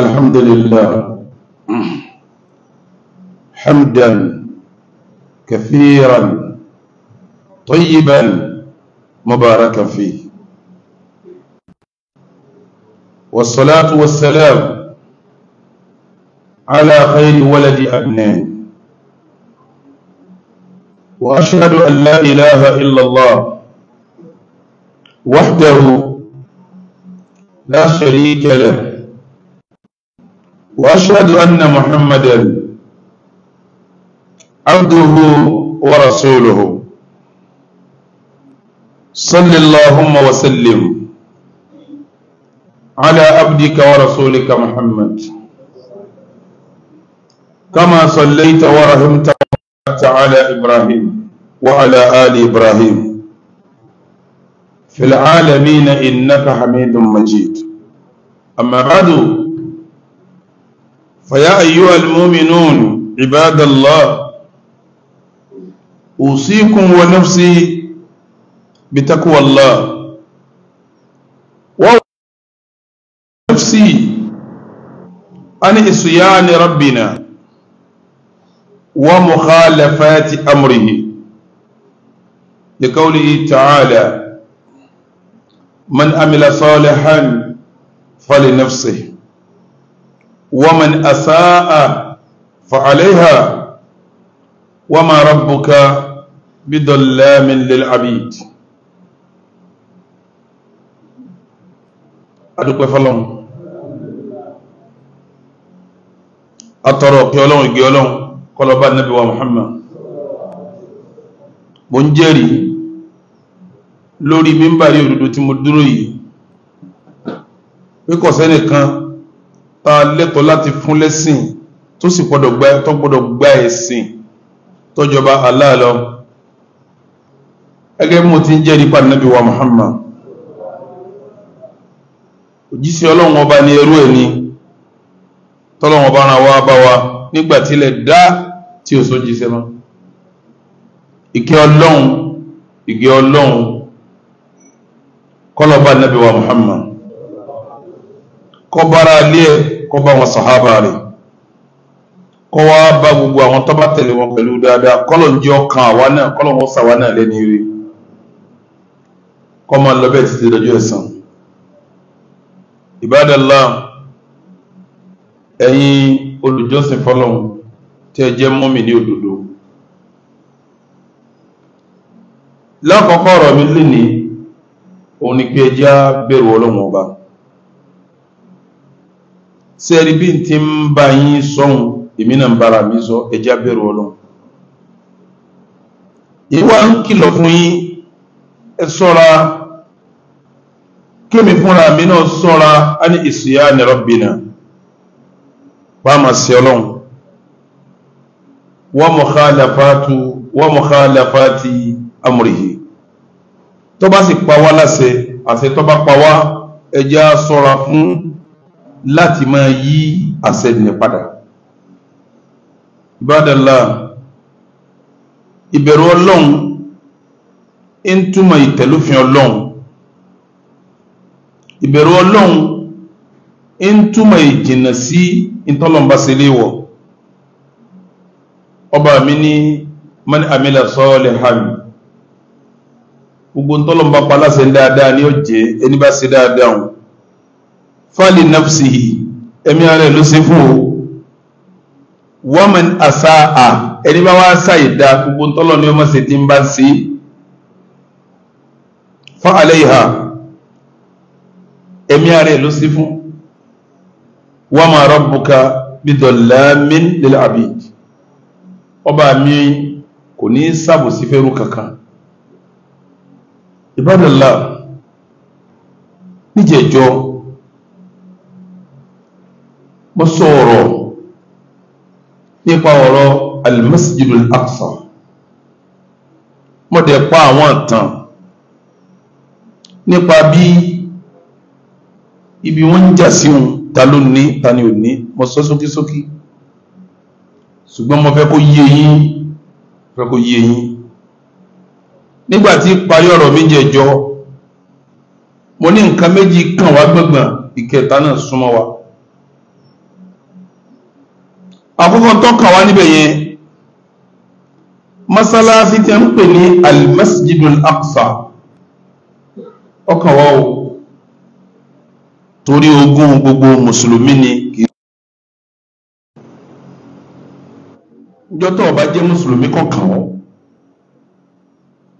الحمد لله حمدا كثيرا طيبا مباركا فيه والصلاة والسلام على خير ولد أبنين وأشهد أن لا إله إلا الله وحده لا شريك له وأشهد أن محمدا عبده ورسوله صل اللهم وسلم على عبدك ورسولك محمد كما صليت ورحمت على إبراهيم وعلى آل إبراهيم في العالمين إنك حميد مجيد أما بعد فيا أيها المؤمنون عباد الله أوصيكم ونفسي بتقوى الله ونفسي عن إسيان ربنا ومخالفات أمره لقوله تعالى من عمل صالحا فلنفسه ومن أساء فعليها وما ربك بظلام للعبيد adúpẹ́ fọ́lọ́run atọrọ pé ọlọ́run ìgbé ọlọ́run kọlọba Nábì wa Muhammad mo ń jẹ́rìí lórí mímbàrí òdodo tí mo dúró yìí pé kò sẹ́nìkan Ta leto lati láti fún lẹ́sìn tó sì gba tó gba ẹ̀sìn tọ́jọba Allah lọ ti ń jẹ́rìí pa nàbí wa Muhammad òjíṣẹ́ ọlọ́run ọba ni ni ọba ara wa bá wa nígbà tí ilẹ̀ dá tí ò sójì sẹ́mọ́ ìkẹ́ ọlọ́run ìgẹ́ ọlọ́run wa Muhammad alẹ́ kó bá wọn sàhábà rẹ̀ kó wá bá gbogbo àwọn tó bá tẹ̀lé wọn pẹ̀lú dáadáa kọ́lọ̀ ń jẹ́ ọkàn àwa náà kọ́lọ̀ wọn sàwa náà lẹ́ni rí kọ́ máa lọ bẹ́ẹ̀ títí lọ́jọ́ ẹ̀san ìbádàlá ẹ̀yin olùjọ́sìn fọlọ́hún tí ẹ jẹ́ mọ́mì ní òdodo lákọ̀ọ́kọ́ ọ̀rọ̀ mi lè ní òun ni pé ẹ já bẹ̀rù ọlọ́run ọba sẹ́ẹ̀rí bí n ti ń bá yín sọ́hun èmi náà ń bára mi sọ ẹjá bẹ̀rù ọlọ́run ìwà ń kìlọ̀ fún yín ẹ sọ́ra kémi fúnra mi náà sọ́ra á ní ìsìyá nìrọ̀ bìnà bá a máa ṣe ọlọ́run wa mukhalafatu wa mukhalafati amrihi tó bá sì pa wá láṣẹ àṣẹ tó bá láti máa yí àṣẹ ènìyàn padà ìbádàlá ìbẹ̀rù ọlọ́run ń túmọ̀ ìtẹ̀lófin ọlọ́run ìbẹ̀rù ọlọ́run ń túmọ̀ ìjìnà sí ìtọ́lọ́mbà sílé wọ̀ ọba mi ní man amila salihan gbogbo ìtọ́lọ́mbà paláṣẹ dáadáa ni ó jẹ́ ẹni bá ṣe dáadáa hùn fali nafsihi ẹ̀mí ara ẹ̀ ló fún o waman asaa ẹni bá wá sáyè dá gbogbo ntọ́lọ̀ ni wọ́n máa ṣe ti ń bá sí fa alayha ẹ̀mí ara ẹ̀ ló ṣe fún wama rabbuka bidallamin lil abid ọba mi kò ní ṣàbòsí fẹ́rù kankan ibadallah níjẹ̀jọ́ mo sọ̀rọ̀ nípa ọ̀rọ̀ almasjidul aqsa mo dẹ̀ pa àwọn ìtàn nípa bí ibi wọ́n ń jà sí òun ta ló ní ta ni ò ní mo sọ sókísókí ṣùgbọ́n mo fẹ́ kó yé yín fẹ́ kó yé yín nígbàtí parí ọ̀rọ̀ mi jẹjọ mo ní nǹkan méjì kàn wá gbọ̀ngbọ̀n ìkẹta náà súnmọ́ wa àkọ́kọ́ tó kàn wá níbẹ̀ yẹn masalasi tí ń pè ní almasjidul aqsa ọkàn wá o torí ogún gbogbo mùsùlùmí ni kì í jọ́tọ̀ ọba jẹ́ mùsùlùmí kọ̀ọ̀kan wọ́n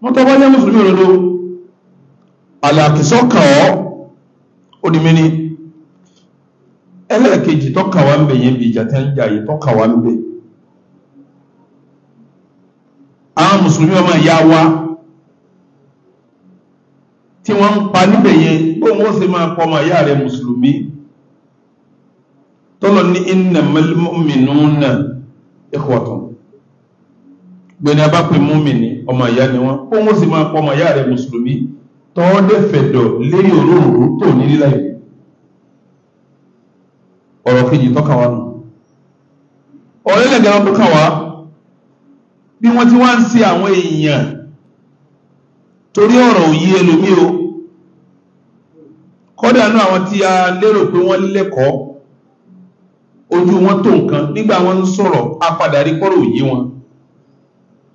wọ́n tọ́ bá jẹ́ mùsùlùmí òdodo àlàkìsọ́ kàn ọ́ ó di mí ẹlẹ́ẹ̀kejì tọ́ka wa ń bẹ̀ yẹn bí ìjà tẹ́ ń jà yìí tọ́ka wa ń bẹ̀ àwọn mùsùlùmí ọmọ ìyá wa tí wọ́n ń pa níbẹ̀ yẹn bó wọ́n sì máa pọ̀ ọmọ ìyá rẹ̀ mùsùlùmí tọ́lọ ní innamal mu'minuna ikhwatun gbẹ̀ni a bá pè mùmìnì ọmọ ìyá ni wọ́n bó wọ́n sì máa pọ̀ ọmọ ìyá rẹ̀ mùsùlùmí tọ́ọ́dẹ́fẹ̀dọ̀ lérí òróòrò ọ̀rọ̀ kejì tọ́ka wa nù ọ̀rẹ́ lẹ́gẹ̀ẹ́ lọ́dún kan wá bí wọ́n ti wá ń ṣe àwọn èèyàn torí ọ̀rọ̀ òyí ẹlòmí o kọ́dà náà àwọn tí a lérò pé wọ́n lẹ́kọ̀ọ́ ojú wọn tó nǹkan nígbà wọn ń sọ̀rọ̀ apàdà rí òyí wọn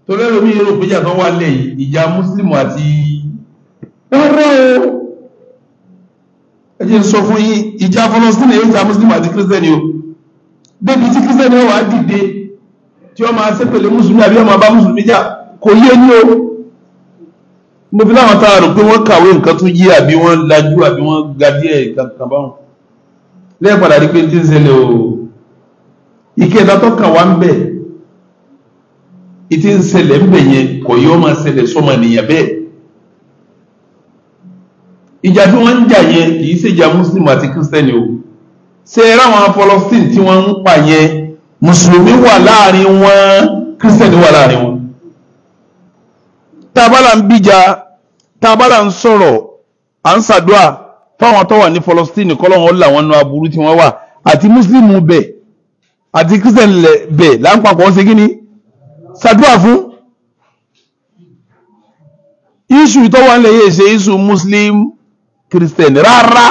torí ẹlòmí yẹn rò pé ìjà kan wà lẹ́yìn ìjà mùsùlùmù àti ẹjẹ́ sọ fún yí ìjà fọlọ́sílẹ̀ yóò jà mùsùlùmí àti kírísítẹ́nì o débi tí kírísítẹ́nì wà á dìde tí wọ́n máa ṣépèlé mùsùlùmí àbí wọ́n máa bá mùsùlùmí jà kò yé ní o mo fi láwọn táwọn rò pé wọ́n kàwé nǹkan tó yé àbí wọ́n lajú àbí wọ́n ga díẹ̀ kankan báwọn lẹ́yìn padà rí pé tí ń ṣẹlẹ̀ o ìkẹta tó kàn wá ń bẹ̀ ìtí ń ṣẹlẹ̀ ń bẹ̀ yẹn kò yóò máa ṣẹlẹ̀ sọ́mọ nìyẹn bẹ́ẹ̀ ìjà tí wọ́n ń jà yẹn kì í ṣèjà muslim àti kírísítẹ́nì o ṣe ráwọn Palestine tí wọ́n ń pa yẹn mùsùlùmí wà láàrin wọn kírísítẹ́nì wà láàrin wọn. tábàlà ń bíjà tábàlà ń sọ̀rọ̀ à ń ṣàdúà fáwọn tó wà ní Palestine kọ́lọ́hún ọ̀là wọn nu aburú tí wọ́n wà àti muslim bẹ̀ àti kírísítẹ́nì bẹ̀ láǹpapọ̀ ṣe kí ni ṣàdúà fún issue tó wà ń lè yẹ ṣe issue muslim kírísítẹ̀nì rárá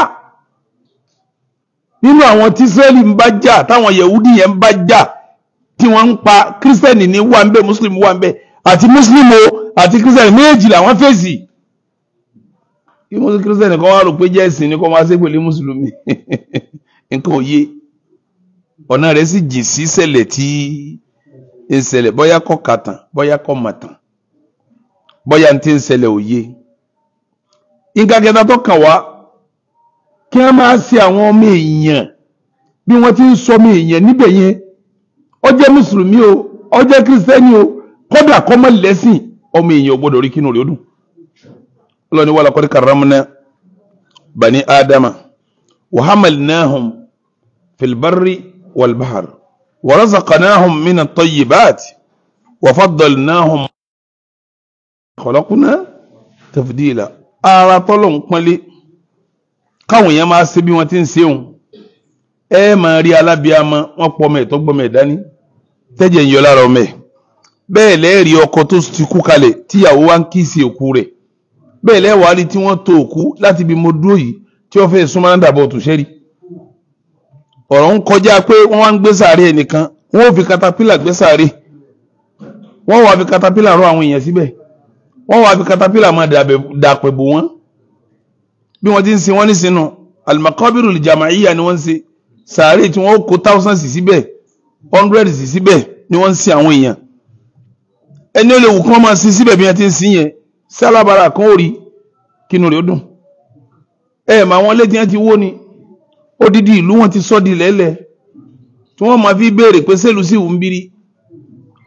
nínú àwọn tí israẹli ń bá jà táwọn yehudi yẹn ń bá jà tí wọ́n ń pa kírísítẹ̀nì ní wà ń bẹ mùsùlùmí wà ń bẹ àti mùsùlùmí o àti kírísítẹ̀nì méjì làwọn fèsì kí mùsùlùmí kírísítẹ̀nì kan wá rò pé jẹ́ ẹ̀sìn ni kó máa ṣe pẹ̀lú mùsùlùmí nǹkan òye ọ̀nà rẹ̀ sì jì sí ṣẹlẹ̀ tí ń ṣẹlẹ̀ bóyá kọ́ kàtàn bóyá kọ́ màtàn bóyá ń ti ń ṣẹlẹ̀ òye nǹkan kẹta tó kàn wá kí wọ́n máa ṣe àwọn ọmọ èèyàn bí wọ́n ti ń sọ ọmọ èèyàn níbẹ̀ yẹn ó jẹ́ mùsùlùmí o ó jẹ́ kírísítẹ́nì o kódà kó má lẹ́sìn ọmọ èèyàn ò gbọ́dọ̀ rí kínú rẹ̀ ó dùn ọlọ́ni wà lọ́kọ́ karramna bani adama wa hamalnahum fil barri wal bahr wa razaqnahum min at-tayyibat wa faddalnahum khalaqna tafdila ara tọ́lọ̀ ń pọ́nlé káwọn èèyàn máa ṣe bí wọ́n ti ń ṣe òun ẹ máa rí alábíàmọ wọn pọ ọmọ ẹ tó gbọmọ ẹ dání tẹjẹ ń yọ lára ọmọ ẹ bẹ́ẹ̀ lẹẹrí ọkọ tó ti kú kalẹ̀ tíyàwó wa ń kíìsì òkú rẹ̀ bẹ́ẹ̀ lẹẹwàá rí tí wọ́n tó òkú láti ibi mo dúró yìí tí wọ́n fẹ́ẹ́ súnmọ́ nàdàbọ tòṣẹrí ọ̀rọ̀ ń kọjá pé wọ́n wá ń gbé sàárè ẹnìkan wọ́n ò fi katapila gbé sàárè wọ́n wàá fi katapila rọ àwọn èèyàn síbẹ̀ wọ́n wá fi katapila máa dàpẹ̀ bò wọ́n bí wọ́n ti ń sin wọ́n ní sinú alimakobiru jamaiya ni wọ́n ń ṣe sàárè tí wọ́n kó thousands síbẹ̀ hundreds síbẹ̀ ni wọ́n ń sin àwọn èèyàn ẹni ó lè wù kí wọ́n máa sin síbẹ̀ bí wọ́n ti ń sin yẹn sálábàárà kan ò rí kínú rẹ̀ ó dùn ẹ mà wọn létí yẹn ti wó ni odidi ìlú wọn ti sọ di lẹ́lẹ̀ tí wọ́n máa fi béèrè pé sẹ́lù sí ìwúmbírí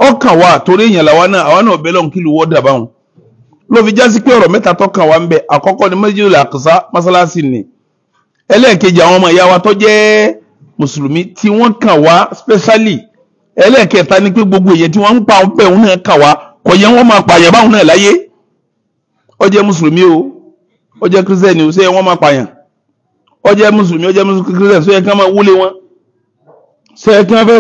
ọkàn wa torí èèyàn làwa náà àwa náà bẹ́lọ̀ ń kí lu wọ́dà báwọn Lo fi jásí pé ọ̀rọ̀ mẹ́ta tó kàn wá ń bẹ àkọ́kọ́ ni Masjidul Aqsa mọ́sálásí ni ẹlẹ́ẹ̀kejì àwọn ọmọ ìyá wa tó jẹ́ mùsùlùmí tí wọ́n kàn wá specially ẹlẹ́ẹ̀kẹta ni pé gbogbo èyẹ tí wọ́n ń pa ọ̀pẹ òun náà kàn wá kò yẹ wọ́n máa pààyàn báwọn náà láyé ó jẹ́ mùsùlùmí o ó jẹ́ kírísítẹ́nì o ṣé wọ́n máa pààyàn ó jẹ́ mùsùlùmí ó jẹ́ kírísítẹ́nì ṣé yẹ kí wọ́n máa wúlé wọn ṣé yẹ kí wọ́n fẹ́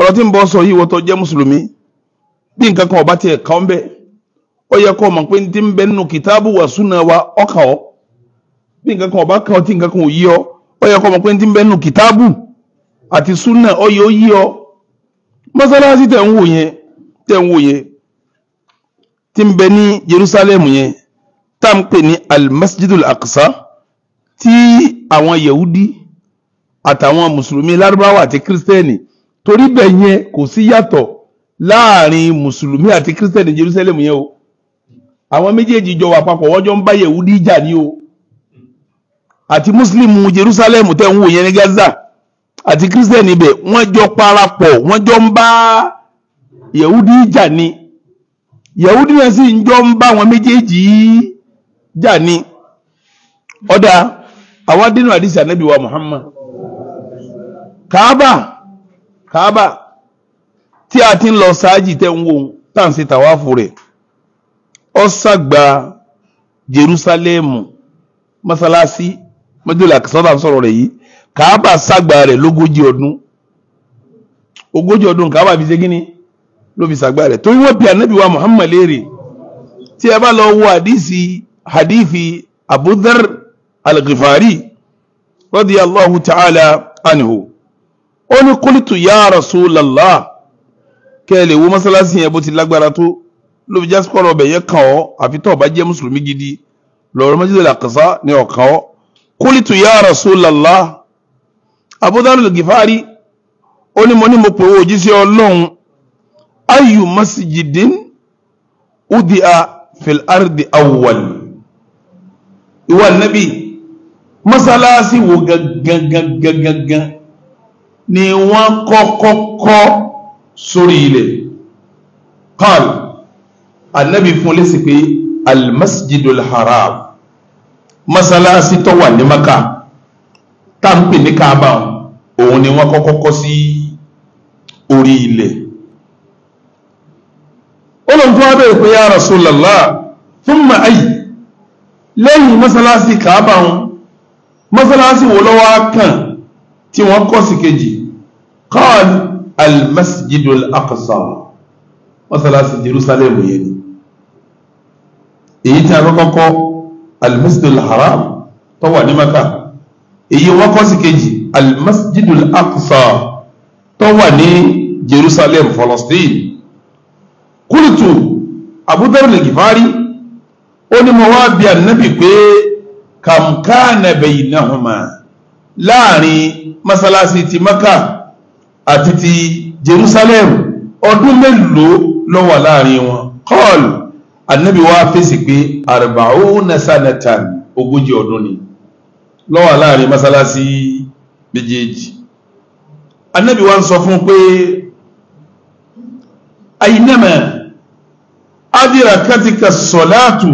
ọ̀rọ̀ tí ń bọ́ sọ yìí wọ́n tó jẹ́ mùsùlùmí bí nǹkan kan ọba tiẹ̀ kàn bẹ́ẹ̀ ó yẹ kó o mọ̀ pé ti ń bẹ nínú kìtáàbù wà súnà wa ọkà ọ bí nǹkan kan ọba kàn ọ tí nǹkan kan ò yí ọ ó yẹ kó o mọ̀ pé ti ń bẹ nínú kìtáàbù àti súnà ọ yẹ ó yí ọ mọ́sálásí tẹ̀ ń wò yẹn tẹ̀ ń wò yẹn ti ń bẹ ní Jerusalem yẹn tá à ń pè ní almasjidul aqsa tí àwọn yahudi àtàwọn mùsùlùmí lárúbáwá àti kírísítẹ́nì torí bẹ́ẹ̀ yẹn kò sí yàtọ̀ láàrin mùsùlùmí àti kírísítẹ̀nì Jerusalem yẹn o àwọn méjèèjì jọ wà papọ̀ wọ́n jọ ń bá Yẹ̀wúdí jà ní o àti mùsùlùmí Jerusalem tẹ̀ ń wò yẹn ní Gaza àti kírísítẹ̀nì ibẹ̀ wọ́n jọ parapọ̀ wọ́n jọ ń bá Yẹ̀wúdí jà ní Yẹ̀wúdí náà sì ń jọ ń bá àwọn méjèèjì jà ní ọ̀dà àwọn adínú àdìsí ànábì Muhammad Kaaba Kaaba tí a ti ń lọ sáájì tẹ́ ń wò tá à ń ṣe tàwáfù rẹ̀ ọ sàgbà Jerúsálẹ́mù mọ́sálásí mọ́jọ́lá sọ́dà sọ̀rọ̀ rẹ̀ yìí kàábà sàgbà rẹ̀ lógójì ọdún ogójì ọdún kàábà fi ṣe gíní ló fi sàgbà rẹ̀ torí wọ́n bi ànábì wa Muhammad léèrè tí ẹ bá lọ wo àdìsí hadithi Abu Dharr al-Ghifari radiyallahu ta'ala anhu ó ní kúlìtù ya Rasulallah kẹ́ ẹ lè wo mọ́sálásí yẹn bó ti lágbára tó ló fi jásí kọ́rọ̀ ọbẹ̀ yẹn kàn ọ́ àfi tó bá jẹ́ mùsùlùmí gidi lọ́rọ̀ Masjidil Aqsa ni ọ̀kan ọ́ kúlìtù ya Rasulullah Abu Dharr al-Ghifari ó ní mo ní mo pè owó òjíṣẹ́ ọlọ́run ayyu masjidin udia fil ardi awwal ìwà nabi mọ́sálásí wo gangan gangan ni wọ́n kọ́kọ́kọ́ sórí ilẹ̀ qal anabi fún lẹ́sìn pé almasjidul haram masalasi tó wà ní maka tá n pè ní kaaba òun ni wọ́n kọ́kọ́ kọ́ sí orí ilẹ̀ olùkọ́ abẹ́rẹ́ pé ya rasulallah thumma ay lẹ́yìn masalasi kaaba masalasi wo ló tí wọ́n kọ́ sí kejì qal almasjidul aqsa mọ́sálásí jerusalem yẹn ni èyí tí a kọ́kọ́ kọ́ almasjidul haram tó wà ní maka èyí wọ́n kọ́ sí kejì almasjidul aqsa tó wà ní jerusalem falastin kúlùtù abudar lèkìfárí ó ní mo wá bí ànábì pé kàmkánà baynahuma láàrin mọ́sálásí ti maka àti ti Jerusalem ọdún mélòó ló wà láàrin wọn kọ́ọ̀l anabi wa fèsì pé arba'una sanatan ogójì ọdún ni ló wà láàrin mọ́sálásí méjèèjì anabi wa ń sọ fún pé àyínàmà adirakatika sọ̀láàtù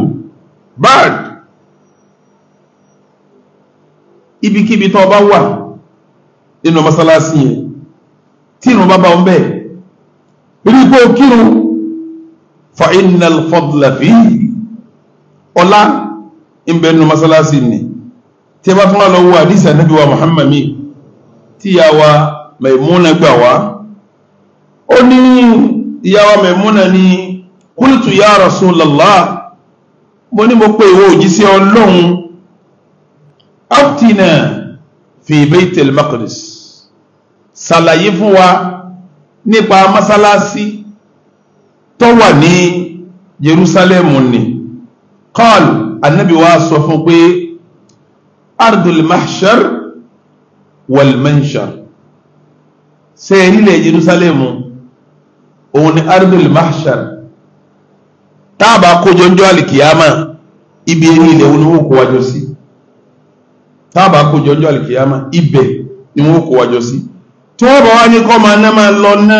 báàd ibikíbi tó bá wà nínú mọ́sálásí yẹn kírun bá bá wọn bẹ́ẹ̀ rí pé o kírun fa innal fadla fi ọlá ìbẹ̀nu masalasi ni tí a bá tún wà lọ wo àdìsí ànábi wa Muhammad tí ìyá wa Maimuna gbà wá ó ní ìyá wa Maimuna ní qultu ya Rasulallah mo ní mo pé ìwọ òjíṣẹ́ Ọlọ́run aftina fi baytil maqdis ṣàlàyé fún wa nípa masalasi tó wà ní Jerusalem ni qal annabi wa sọ fún pé ardul mahshar wal manshar ṣe ilẹ̀ Jerusalem òun ni ardul mahshar táàbà kójọ ń jọ alìkìyàmà ibi eré ilẹ̀ wọn ni wọ́n kó wájọ sí táàbà kójọ ń jọ alìkìyàmà ibẹ̀ ni wọ́n kó wájọ sí. Si tí wọ́n bá wá ní kọ́ máa ná máa lọ ná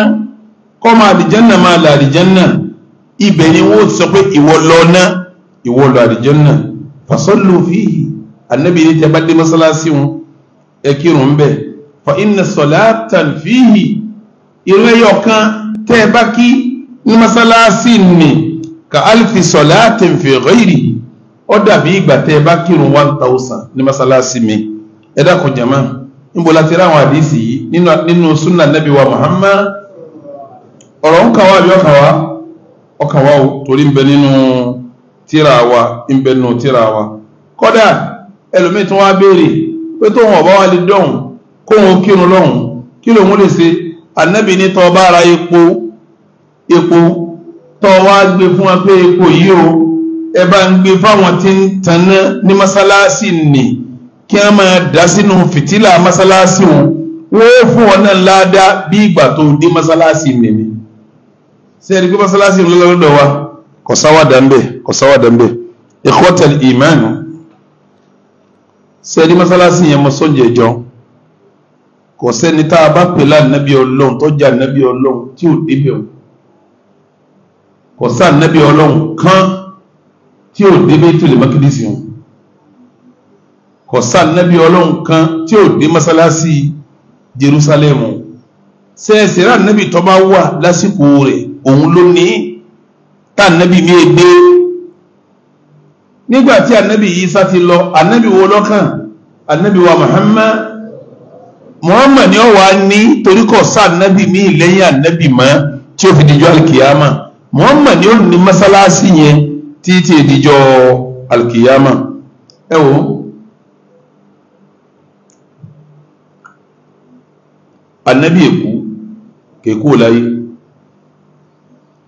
kọ́ máa àdìjẹ́nà máa là àdìjẹ́nà ibẹ̀ ni wọ́n sọ pé ìwọ lọ ná ìwọ lọ àdìjẹ́nà fasallu fihi ànábì ní tẹ́ bá dé mọ́sálásí wọn ẹ kírun bẹ́ẹ̀ fa inna salatan fihi irú ẹyọ kan tẹ́ bá kí ní mọ́sálásí ni ka alfi salatin fi ghairi ó dàbí ìgbà tẹ́ ẹ bá kírun one thousand ní mọ́sálásí mi ẹ dákun jàmáà níbo la ti ráwọn àdísì yìí nínú súnà nẹ́bí wa Muhammad ọ̀rọ̀ ń kàwá àbí ọ̀kàwá ọ̀kàwá o torí ń bẹ nínú tíra wa ń bẹ nínú tíra wa kódà ẹlòmíì tí wọ́n á béèrè pé tóun ọ̀bá wa lè dọ̀hùn kóun kírun lọ́hùn kí lòun lè ṣe ànábì ní tọ́ bá ara epo epo tọ́ wá gbé fún wa pé epo yìí o ẹ bá ń gbé fáwọn tí ń tanná ní mọ́sálásí nìí kí a máa dá sínú fìtílà mọ́sálásí wọn wọ́n fún ọ náà ládàá bí ìgbà tó dé mọ́sálásí mẹ́mi sẹ́ẹ̀rí pé mọ́sálásí ń lọ́lọ́dọ̀ wa kò sáwádà ń bẹ kò sáwádà ń bẹ ikhwatal iman sẹ́ẹ̀rí mọ́sálásí yẹn mọ́sọ́njẹ̀ jọ kò sẹ́ni tá a bá pè lánàbí ọlọ́run tọ́jà nàbí ọlọ́run tí ò débẹ̀ o kò sáà nàbí ọlọ́run kan tí ò débẹ̀ tó lè mọ́kídìsì wọn kò nabi nábì ọlọ́run kan tí ò dé mọ́sálásí Jerúsálẹ́mù sẹ́ẹ̀sẹ̀rá nábì tó bá wà lásìkò rẹ̀ òun ló ní tá nábì mi è dé nígbà tí ànábì Ìsá ti lọ ànábì wo lọ́kàn ànábì wa Muhammad Muhammad ni ó wà ní torí kò nabi ànábì mi lẹ́yìn ànábì mọ́ tí ó fi dijọ́ alkiyama Muhammad ni ó ní mọ́sálásí yẹn títí ìdíjọ́ alkiyama ẹ wò ó. anabi èkú kèkú láyé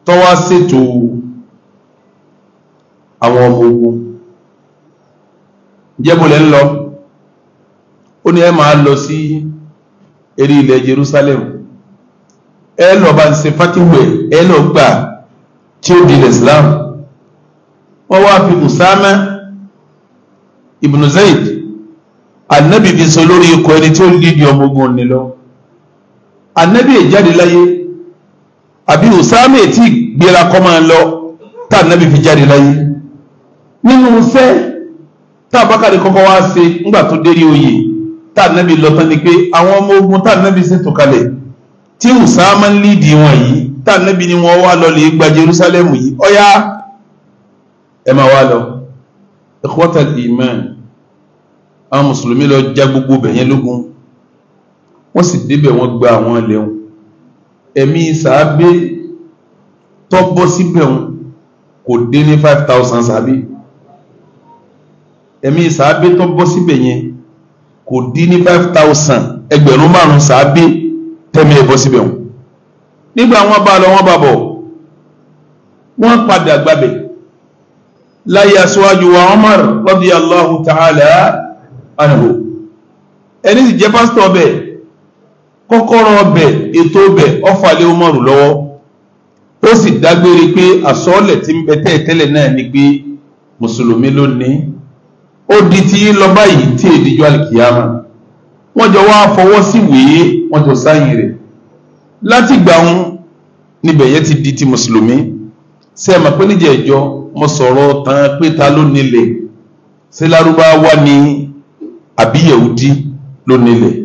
tọ́wá ṣètò àwọn ọmọ ogun jẹ́bùlẹ̀ ń lọ ó ní ẹ máa lọ sí eré ilẹ̀ Jerusalem ẹ lọ bá ń ṣe fatiwẹ̀ ẹ lọ gbà tí ó di Islam wọ́n wá fi Usama ibn Zaid anabi fi sọ lórí ikọ̀ ẹni tí ó ń dídì ọmọ ogun ọ̀nìlọ́wọ́ anabi ìjáde láyé àbí Usama ètí gbéra kọ́ máa lọ tá anabi fi jáde láyé nínú iṣẹ́ tá Abubakar kọ́kọ́ wá ṣe ńgbà tó dérí oyè tá anabi lọ tán ni pé àwọn ọmọ ogun tá anabi ṣètò kalẹ̀ tí Usama ń lídìí wọn yìí tá anabi ni wọn wá lọ lè gba Jerusalem yìí ọ̀yá ẹ máa wá lọ ikhwatal iman àwọn mùsùlùmí lọ já gbogbo bẹ̀yẹn lógun wọ́n sì débẹ̀ wọ́n gba àwọn ilẹ̀ wọn ẹ̀mí sàábé tọ́bọ́ síbẹ̀ wọn kò dé ní five thousand sàábé ẹ̀mí sàábé tọ́bọ́ síbẹ̀ yẹn kò dé ní five thousand ẹgbẹ̀rún márùn sàábé tẹ́mi ẹ̀ bọ́ síbẹ̀ wọn nígbà wọn bá lọ wọn bá bọ̀ wọ́n padà gbabẹ̀ láyé aṣáájú wa Umar radiyallahu ta'ala anhu ẹni sì jẹ́ pásítọ̀ bẹ́ẹ̀ kọ́kọ́rọ́ ọbẹ̀ ètò ọbẹ̀ ọfàlẹ́ Umaru lọ́wọ́ ó sì dágbére pé àsọ́ọ̀lẹ̀ tí ń bẹ tẹ́ẹ̀tẹ́lẹ̀ náà ni pé mùsùlùmí ló ní ó di tí lọ báyìí tí èdèjọ alìkìyàmà wọ́n jọ wá fọwọ́ sí wèé wọ́n jọ sáyìn rẹ̀ látìgbà ń níbẹ̀ yẹn ti di ti mùsùlùmí ṣe é mọ̀ pé níjẹ̀ ìjọ mo sọ̀rọ̀ tán pé ta ló nílẹ̀ ṣé lárúbáwá ni àbí Yẹ̀húdí ló nílẹ̀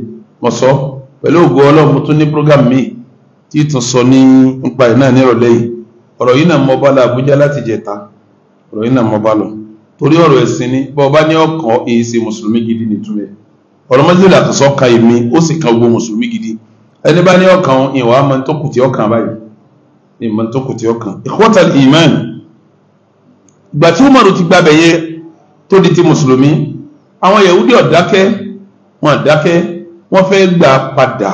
mo sọ. So, pẹ̀lú ògo ọlọ́run mo tún ní program míì tí tún sọ ní nípa ẹ̀ náà nírọ̀lẹ́ yìí ọ̀rọ̀ yìí náà mo bá lọ Àbújá láti jẹ̀ta ọ̀rọ̀ yìí náà mo lọ torí ọ̀rọ̀ ẹ̀sìn ni bọ́ ní ọkàn èyí ṣe mùsùlùmí gidi nìtúmẹ̀ ọ̀rọ̀ mọ́sílẹ̀ àtúnṣọ́ ka èmi ó sì kan gbogbo mùsùlùmí gidi ẹni bá ní ọkàn ìwà máa ń tókùtì ọkàn báyìí ìmọ̀ tó kù tí ó kàn ìkọ́tà ìmán ìgbà tí Umaru ti gbàbẹ̀yẹ tó di ti mùsùlùmí àwọn Yahudi ọ̀dákẹ́ wọn ọ̀dákẹ́ wọ́n fẹ́ gbà padà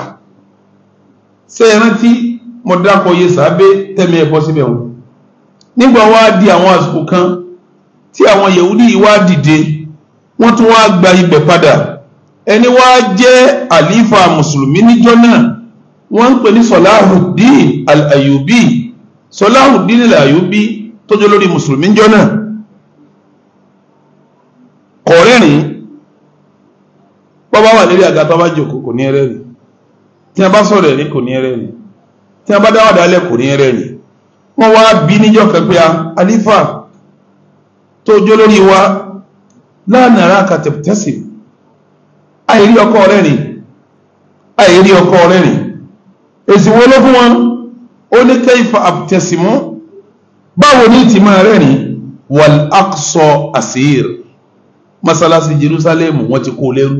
ṣé ẹ rántí mo dákọ̀ yé sàábé tẹ́mi ẹ̀bọ síbẹ̀ wọn nígbà wá di àwọn àsìkò kan tí àwọn yẹ̀wúdí yìí wá dìde wọ́n tún wá gba ibẹ̀ padà ẹni wá jẹ́ àlífà mùsùlùmí níjọ́ náà wọ́n ń pè ní sọláhùdín al-ayubi sọláhùdín al-ayubi tó jẹ́ lórí mùsùlùmí níjọ́ náà kọ̀rẹ́rìn bọ́ bá wà lérí àga tó bá jòkó kò ní ẹlẹ́rìí tí a bá sọ̀rọ̀ ẹ̀rí kò ní ẹlẹ́rìí tí a bá dáwàdà alẹ́ kò ní ẹlẹ́rìí wọ́n wá bí níjọ́ kan pé ah, tó jó lórí wa lánàá kàtẹ́tẹ́sì àìrí ọkọ rẹ̀ rìn àìrí ọkọ rẹ̀ rìn èsì wo ló fún wọn ó ní kẹ́yìfà àbùtẹ̀sìmọ́ báwo ní ti máa rẹ́rìn wal aqsa asir masalasi Jerusalem wọ́n ti kó lẹ́rú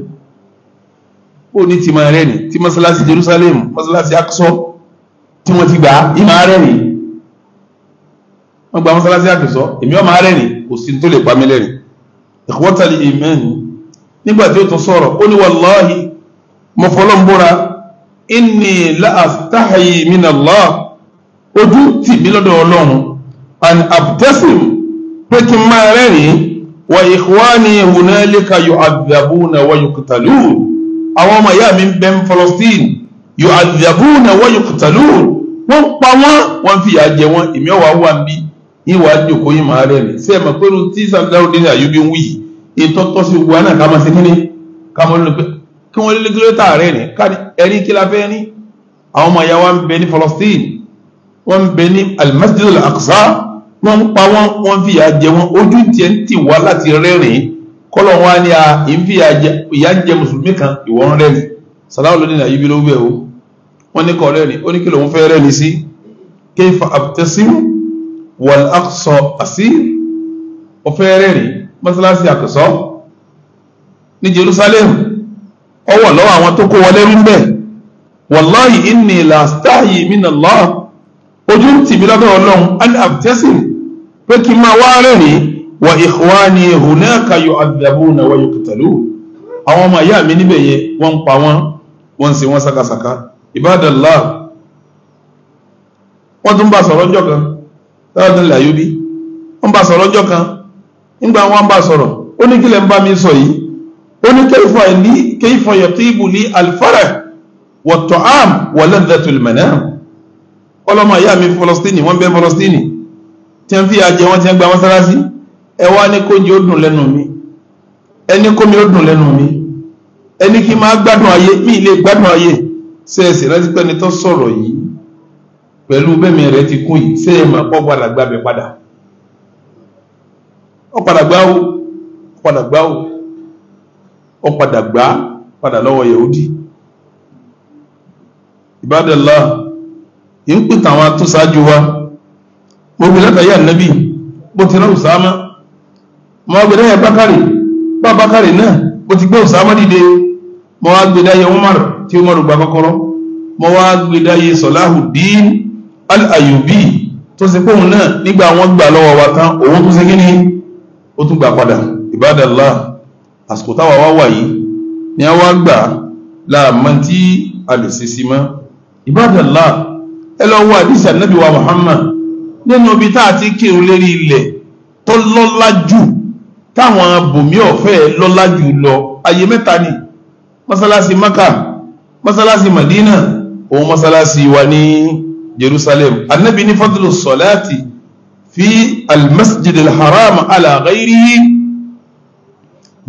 ó ní tìmọ̀ rẹ̀ ni tí mọ́sálásí Jerusalem mọ́sálásí Aksọ tí wọ́n ti gbà á ìmọ̀ rẹ̀ ni wọ́n gba mọ́sálásí Aksọ èmi ọmọ rẹ̀ ni kò sí tó lè pa mí lẹ́rìn ìkọ́tàlì amen nígbà tí ó tún sọ̀rọ̀ ó ní wàláhì mo fọlọ́ ń búra inni láàftáhàyè mínàlá ojú tì mí lọ́dọ̀ ọlọ́run an abdesim pé kí n máa rẹ́rìn-ín wa ìkwáni hunalika yu'adhabuna wa yuqtalun àwọn ọmọ ìyá mi ń bẹ ní Palestine yóò àdìyàbù náà wọ́n yóò kùtàlù wọ́n pa wọ́n wọ́n fìyà jẹ wọ́n èmi ọ̀wà wà ń bí ìwà àjòkó yìí máa rẹ̀ rẹ̀ sí ẹ̀mọ̀ pé tí Sàdáùdín Àyùbí ń wí ìtọ́tọ́ sí gbogbo àná ká máa ṣe kíní ká máa lónìí pé kí wọ́n lé kílódé tààrẹ́ rẹ̀ káàdì ẹ̀rí kí la fẹ́ ní àwọn ọmọ ìyá wa ń bẹ ní Palestine wọ́n ń bẹ ní al-Masjid al-Aqsa wọ́n ń pa wọ́n wọ́n fìyà jẹ wọ́n ojú tiẹ̀ ń tì wá láti rẹ́rìn-ín kọ́lọ̀ wọn á ní a ìfi ìyá ń jẹ mùsùlùmí kan ìwọ̀n rẹ̀ ni sàláwò lónìí náà yíbi ló bẹ̀ o wọ́n ní kọ́ rẹ̀ ni ó ní kí lòun fẹ́ rẹ̀ ni sí kéfà àbùtẹ́sìm wal aqsa àsí ọ̀fẹ́ rẹ̀ ni mọ́sálásí àkàsọ́ ní Jerusalem ọwọ́ lọ́wọ́ àwọn tó kó wọlé ń bẹ̀ wallahi inni la astahi min Allah ojú ń tì lọ́dọ̀ Ọlọ́run an pé kí n máa wá rẹ̀ ni wa ikhwani hunaka yu'adhabuna wa yuqtalun àwọn ọmọ ìyá mi níbẹ̀ yẹn wọ́n ń pa wọ́n wọ́n ń ṣe wọ́n sákasàká ibadallah wọ́n tún bá sọ̀rọ̀ ọjọ́ kan tẹ́lẹ̀dẹ́lẹ̀ àyóbí wọ́n bá sọ̀rọ̀ ọjọ́ kan nígbà wọn bá sọ̀rọ̀ ó ní kílẹ̀ ń bá mi sọ yìí ó ní kayfa ní kayfa yatibu li al-farah wa ta'am wa ladhatul manam ọlọ́mọ ìyá mi fọlọ́stínì wọ́n bẹ́ fọlọ́stínì tí wọ́n fi àjẹ wọn ti ń gba mọ́sálásí ẹ wá ní kóúnjẹ ó dùn lẹ́nu mi ẹni kómi ó dùn lẹ́nu mi ẹni kí n máa gbádùn ayé mi lè gbádùn ayé ṣe é sì rántí pé ẹni tó sọ̀rọ̀ yìí pẹ̀lú bẹ́mi rẹ̀ ti kún yìí ṣe é máa pọ́ padà gbá mi padà ó padà gbá o ó padà gbá o ó padà gbá padà lọ́wọ́ Yahudi ibadallah yìí ń pè tàwọn atúnṣáájú wa mo gbé látàrí ànábì bó ti rán Usama mọ́ gbẹ̀dẹ́ yẹn bákàrì bá bákàrì náà mo ti gbé òsàmọ́ dìde mọ́ wá gbẹ̀dẹ́ Umar tí Umar gba kọ́kọ́rọ́ mọ́ wá gbẹ̀dẹ́ yẹn Salahuddin al Ayubi. tó ṣe pòun náà nígbà wọn gbà lọ́wọ́ wa tán òun tó ṣe kí ni ó tún gbà padà Ibadallah àsìkò táwa wá wà ni a wá gbà láàmọ́ tí a lè ṣe sí mọ́ Ibadallah ẹ lọ wọ àdìsí ànábì wa Muhammad nínú ibi tá a ti kírun lérí ilẹ̀ tó lọ́lá jù táwọn bòmí ọ̀fẹ́ lọ́lá jù lọ ayé mẹ́ta ni mọ́sálásí maka mọ́sálásí madina òun mọ́sálásí wa ní jerusalem annabi ní fadlu sọláàtì fi almasjid alharam ala ghairihi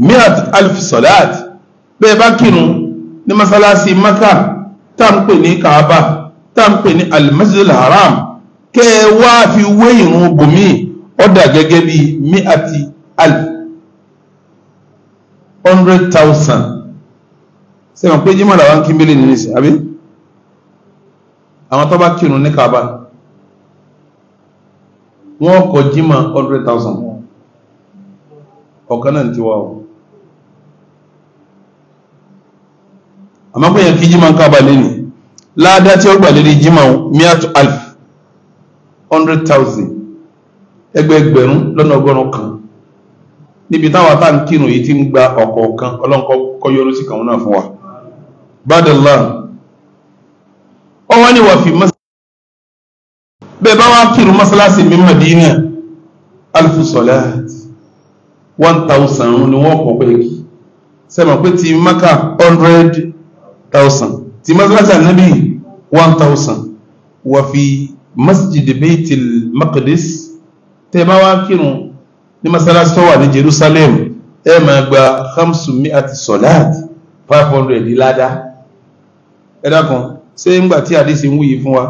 miat alf sọláàt bẹ́ẹ̀ bá kírun ní mọ́sálásí maka tá ń pè ní kaaba tá ń pè ní almasjid alharam kẹ́ wá fi wé bòmí ọ̀dà gẹ́gẹ́ bí miati alf hundred thousand ṣé wọn pé jimoh làwọn kí n bẹ́lẹ̀ nínú ìsìn àbí àwọn tó bá kírun ní kaba wọn kọ jimoh hundred thousand ọ̀kan náà ti wá o àmọ́ pé yẹn kí jimoh kaba lẹ́nu láàdá tí ó gbà lérí jimoh miatu alf hundred thousand ẹgbẹẹgbẹ̀rún lọ́nà ọgọ́rùn-ún kan níbi táwa tá ń kírun yìí ti ń gba ọ̀kọ̀ọ̀kan ọlọ́nkọ́ kọ́ yọrù sí kàwọn náà fún wa bádàlá ọwọ́ ni wà fi mọ́sálásí bẹ́ẹ̀ bá wá kírun mọ́sálásí mi Madina alfusolat one thousand ni wọ́n kọ̀ pé kí sẹ́mọ̀ pé ti Maka hundred thousand ti mọ́sálásí ànábì one thousand wà fi masjid baitil maqdis tẹ́ bá wá kírun ní masalasi tó wà ní Jerusalem ẹ máa gba hamsumi àti solat five hundred ládàá ẹ dákun ṣé ńgbà tí àdìsí ń wúyi fún wa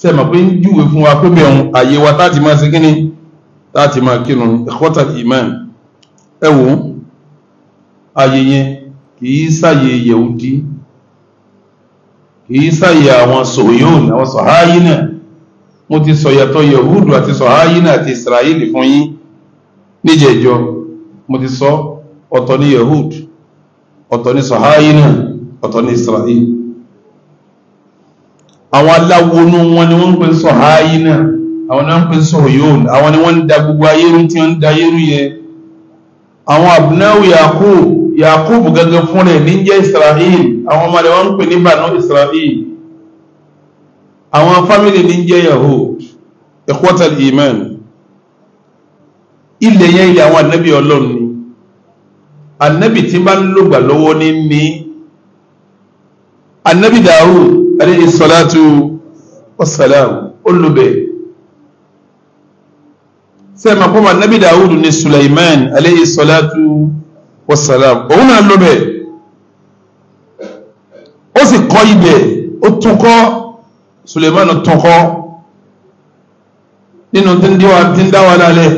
ṣe mọ̀ pé ń júwe fún wa pé bẹ́ẹ̀ ń àyè wa táti máa ṣe kíni táti máa kírun ẹ̀kọ́tà imam ẹ wò ó àyè yẹn kì ṣàyè yẹ̀wùdí kì ṣàyè àwọn sòyóòn àwọn sọ̀háyínà mo ti sọ̀yàtọ̀ yẹ̀wùdù àti sọ̀háyínà àti ìsirayílì fún yín níjẹ̀jọ́ mo ti sọ ọ̀tọ̀ ní Yehud ọ̀tọ̀ ní sọ̀háyínà ọ̀tọ̀ ní Israel àwọn aláwonú wọn ni wọ́n ń pè ń sọ̀háyínà àwọn náà ń pè ń sọ̀hóyón àwọn ni wọ́n ń da gbogbo ayérú tí wọ́n ń da ayérú yẹn àwọn abnáwò Yakub Yakub gangan fún rẹ̀ ní jẹ́ Israel àwọn ọmọ rẹ̀ wọ́n ń pè ní bànú Israel àwọn fámìlì ní jẹ́ Yahud ikhwatal iman ilẹ̀ yẹn ilẹ̀ àwọn ànábì ọlọ́run ni ànábì tí bá ń lògbà lọ́wọ́ ní ní ànábì Dawud alayhi salatu wassalam olùbẹ̀ sẹ́ẹ̀mà pọ́mọ ànábì Dawud ní Sulaiman alayhi salatu wassalam òun náà lòbẹ̀ ó sì kọ́ ibẹ̀ ó tún kọ́ Sulaiman tún kọ́ nínú tí ń dá wa lálẹ́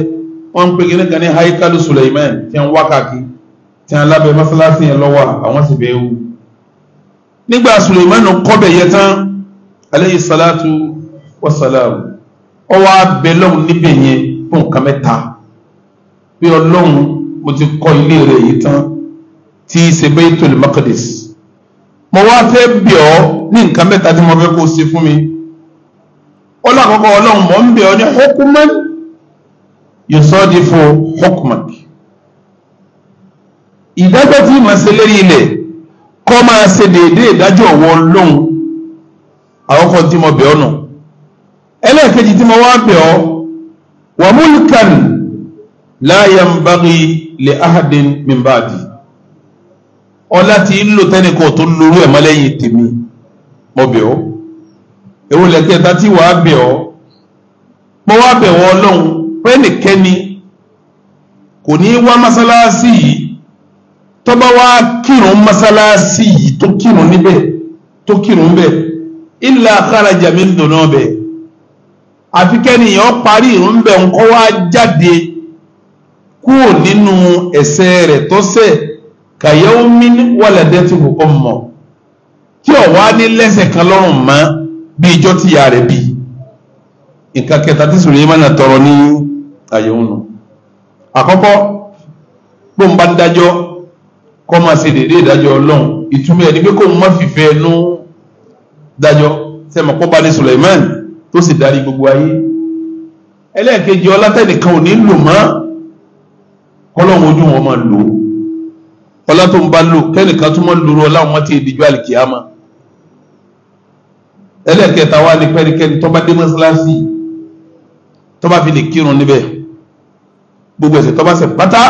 wọn ń pè kí ni haikalu Suleiman tí ń tí ń lábẹ́ mọ́sálásí àwọn sì bẹ́ẹ̀ wù. Suleiman kọ́bẹ̀ yẹ aleyhi salatu wa salam ọwọ́ abẹ lọ́hùn níbẹ̀ yẹn fún nǹkan ti ilé rẹ̀ yìí tí toli ṣe mo wá mo fún yusadifu hukmak ìdájọ́ tí ma ṣe lérí ilẹ̀ kọ́ máa ṣe déédé ìdájọ́ ọ̀wọ́ lóhun àwọ́kọ́ tí mo bẹ̀ ọ́ nù ẹlẹ́ẹ̀kejì tí mo wá bẹ̀ ọ́ wa mulkan la yanbaghi li ahadin min ba'di ọlá tí ń lò tẹ́nìkan tó lórí ẹ̀mọ́ lẹ́yìn tèmi mo bẹ̀ ọ́ èwo tí wàá bẹ̀ ọ́ mo wá bẹ̀ ọ́ ọlọ́run pé nìkẹ́ni kò ní wá mọ́sálásí yìí tó bá wá kírun mọ́sálásí yìí tó kírun níbẹ̀ tó kírun bẹ́ẹ̀ illa kharaja min dunobe àfi kẹ́niyàn parí ìrun bẹ́ẹ̀ ń kọ́ wá jáde kúrò nínú ẹ̀ṣẹ̀ rẹ̀ tọ́sẹ̀ kàyẹ́wómín wàlẹ̀dẹ́tì kò mọ̀ tí ò wá ní lẹ́sẹ̀ kan lọ́rùn mọ́ bí ijọ́ tíya rẹ̀ bí nǹkan kẹta tí sùlẹ́mánà tọrọ ní àyè òun nù àkọ́kọ́ pé ń bá dájọ́ kọ́ máa ṣe déédéé ìdájọ́ ọlọ́run ìtumọ̀ ẹ̀ ni pé kó má fìfẹ́ ẹnu dájọ́ sẹ́mọ̀ pọ́pá ní Suleiman tó sì darí gbogbo ayé ẹlẹ́ẹ̀kejì ọlátẹ́nìkan ò ní lò mọ́ kọ́lọ́hún ojú wọn máa lò ọlá tó ń bá lò kẹ́nìkan tó máa lòrò ọlá wọn ti ìdíjọ́ àlìkìyàmá ẹlẹ́ẹ̀kẹta wà ní pẹ́ẹ́nìkẹ́ni tó bá dé mọ́ṣáláṣí tó bá fi lè kírun níbẹ̀ gbogbo ẹ̀ṣẹ̀ tó bá ṣẹ̀ pátá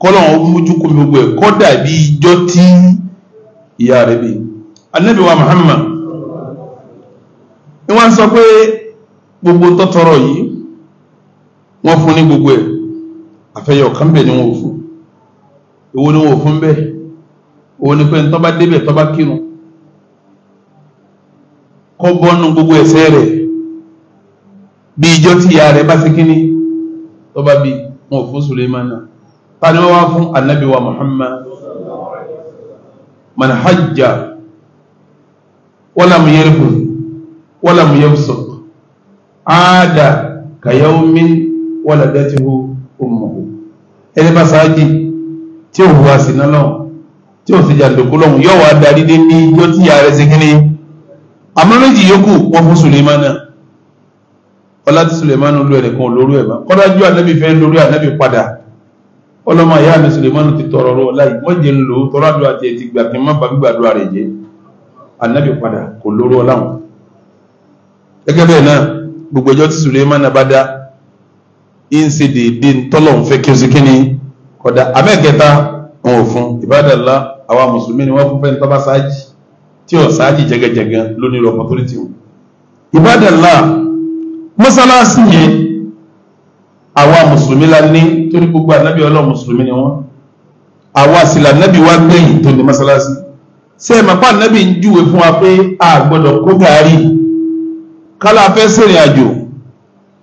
kọ́lọ́hún mójú kó gbogbo ẹ̀ kọ́ dàbí ijọ́ tí ìyá rẹ̀ bí anabi wa Muhammad ni wọ́n sọ pé gbogbo tọ́tọrọ yìí wọ́n fún ní gbogbo ẹ̀ àfẹ́yọ̀ kan bẹ̀ ni wọ́n fún èwo ni wọ́n fún bẹ́ẹ̀ èwo ni pé tọ́ba débẹ̀ tọ́ba kírun kọ́ bọ́nu gbogbo ẹ̀ṣẹ̀ rẹ̀ bí ijọ́ tí ìyá rẹ̀ bá ṣe kíní. tọba bí wọn fún suleimana ta ni wọ́n wá fún annabiwa muhammad man hajja wọ́la mu yẹ́ rikun wọ́la mu yẹ́ sọ ada ka yau mi wọ́la dẹ́tí hu ọmọ ẹni bá sáájì tí ó wùwá sí náà lọ́wọ́ tí ó ti jàndùkú lọ́wọ́ yóò wá darí dé ní yóò ti yà rẹ̀ sí kíní àmọ́ méjì yókù wọ́n fún suleimana. ọlá tí sulemanu lu ẹnìkan olóró ẹ bá kọ́dá jọ ànábì fẹ́ lórí ànábì padà ọlọ́mọ ìyá mi sulemanu ti tọrọ ọrọ̀ láì wọ́n jẹ́ ń lò ó tọrọ àdúrà tiẹ̀ ti gbà kí n má ba gbígbàdúrà rẹ̀ jẹ́ ànábì padà kò lóró ọláwọn. gẹ́gẹ́ bẹ́ẹ̀ náà gbogbo ẹjọ́ tí sulemanu bá dá ń ṣe déédé tọ́lọ̀ kí o sì kíni kọ́dá amẹ́kẹta ń wò ìbádàlá àwa mùsùlùmí ni wọ́n fún fẹ́ tọ́ba sáájì tí ò sáájì jẹgẹjẹgẹ lónìí opportunity ìbádàlá mọ́sálásí yẹn àwa mùsùlùmí la ní torí gbogbo ànábì ọlọ́run mùsùlùmí ni wọ́n àwa sì lànábì wá gbẹ̀yìn tó ní mọ́sálásí ṣé ẹ̀ mọ̀pá ànábì ń júwe fún wa pé a gbọ́dọ̀ kó gàárì kálá fẹ́ sẹ́rìn àjò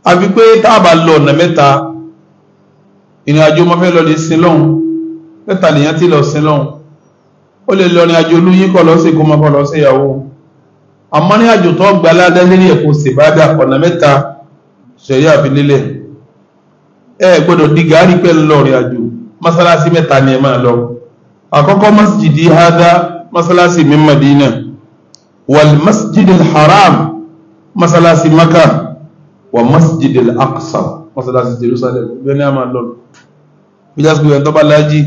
àfi pé táàbà lọ ọ̀nà mẹ́ta ìrìn àjò ọmọ fẹ́ lọ lè sin mẹ́ta nìyẹn ti lọ sin ó lè lọ ìrìn àjò olúyín kọ́ lọ kó mọ́ kọ́ lọ sí àmọ́ní àjò tó gba ládá lérí ẹ̀kọ́ sèbádà ọ̀nà mẹ́ta ṣẹ̀rí àfilélẹ̀ ẹ gbọ́dọ̀ di gàárì pẹ̀lú lọ́rin àjò mọ́sálásí mẹ́ta ni ẹ e máa lọ àkọ́kọ́ masjidi hada masalasi min madina wal masjidi haram masalasi maka wa masjidi aqsa masalasi jerusalem bẹ́ẹ̀ni a máa lọ bíjásí pé ẹ̀ntọ́ bá lájí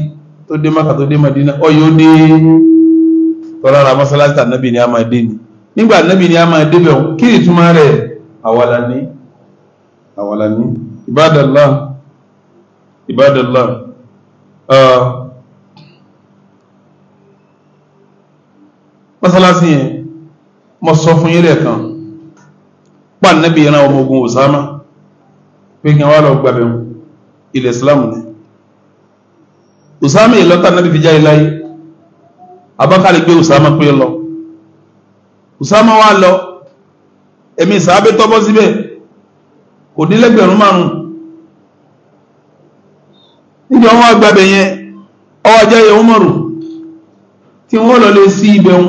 tó dé maka tó dé madina ọ̀yọ́ dé tọ́lára mọ́sálásí tànàbì ni a máa dé ni nígbà nábì ni a máa débẹ̀ ọ̀hún kí ìtumọ̀ rẹ̀ àwàlání àwàlání ìbádàlá ìbádàlá ah. mọ́sálásí yẹn mo sọ fún yín lẹ́ẹ̀kan pa nábì yẹn náà ọmọ ogun Usama pé kí wọ́n lọ gbàbẹ̀ wọn ilẹ̀ Ìsìlámù ni Usama yìí lọ́tà nábì fi jáde láyé abákàlẹ̀ gbé Usama pé lọ. Usama wá lọ ẹ̀mí sàábé tọ́bọ́ síbẹ̀ kò dín lẹ́gbẹ̀rún márùn-ún níbi àwọn agbábẹ̀ yẹn ọwọ́ ajá yẹn Umaru tí wọ́n lọ lè sí ibẹ̀ wọn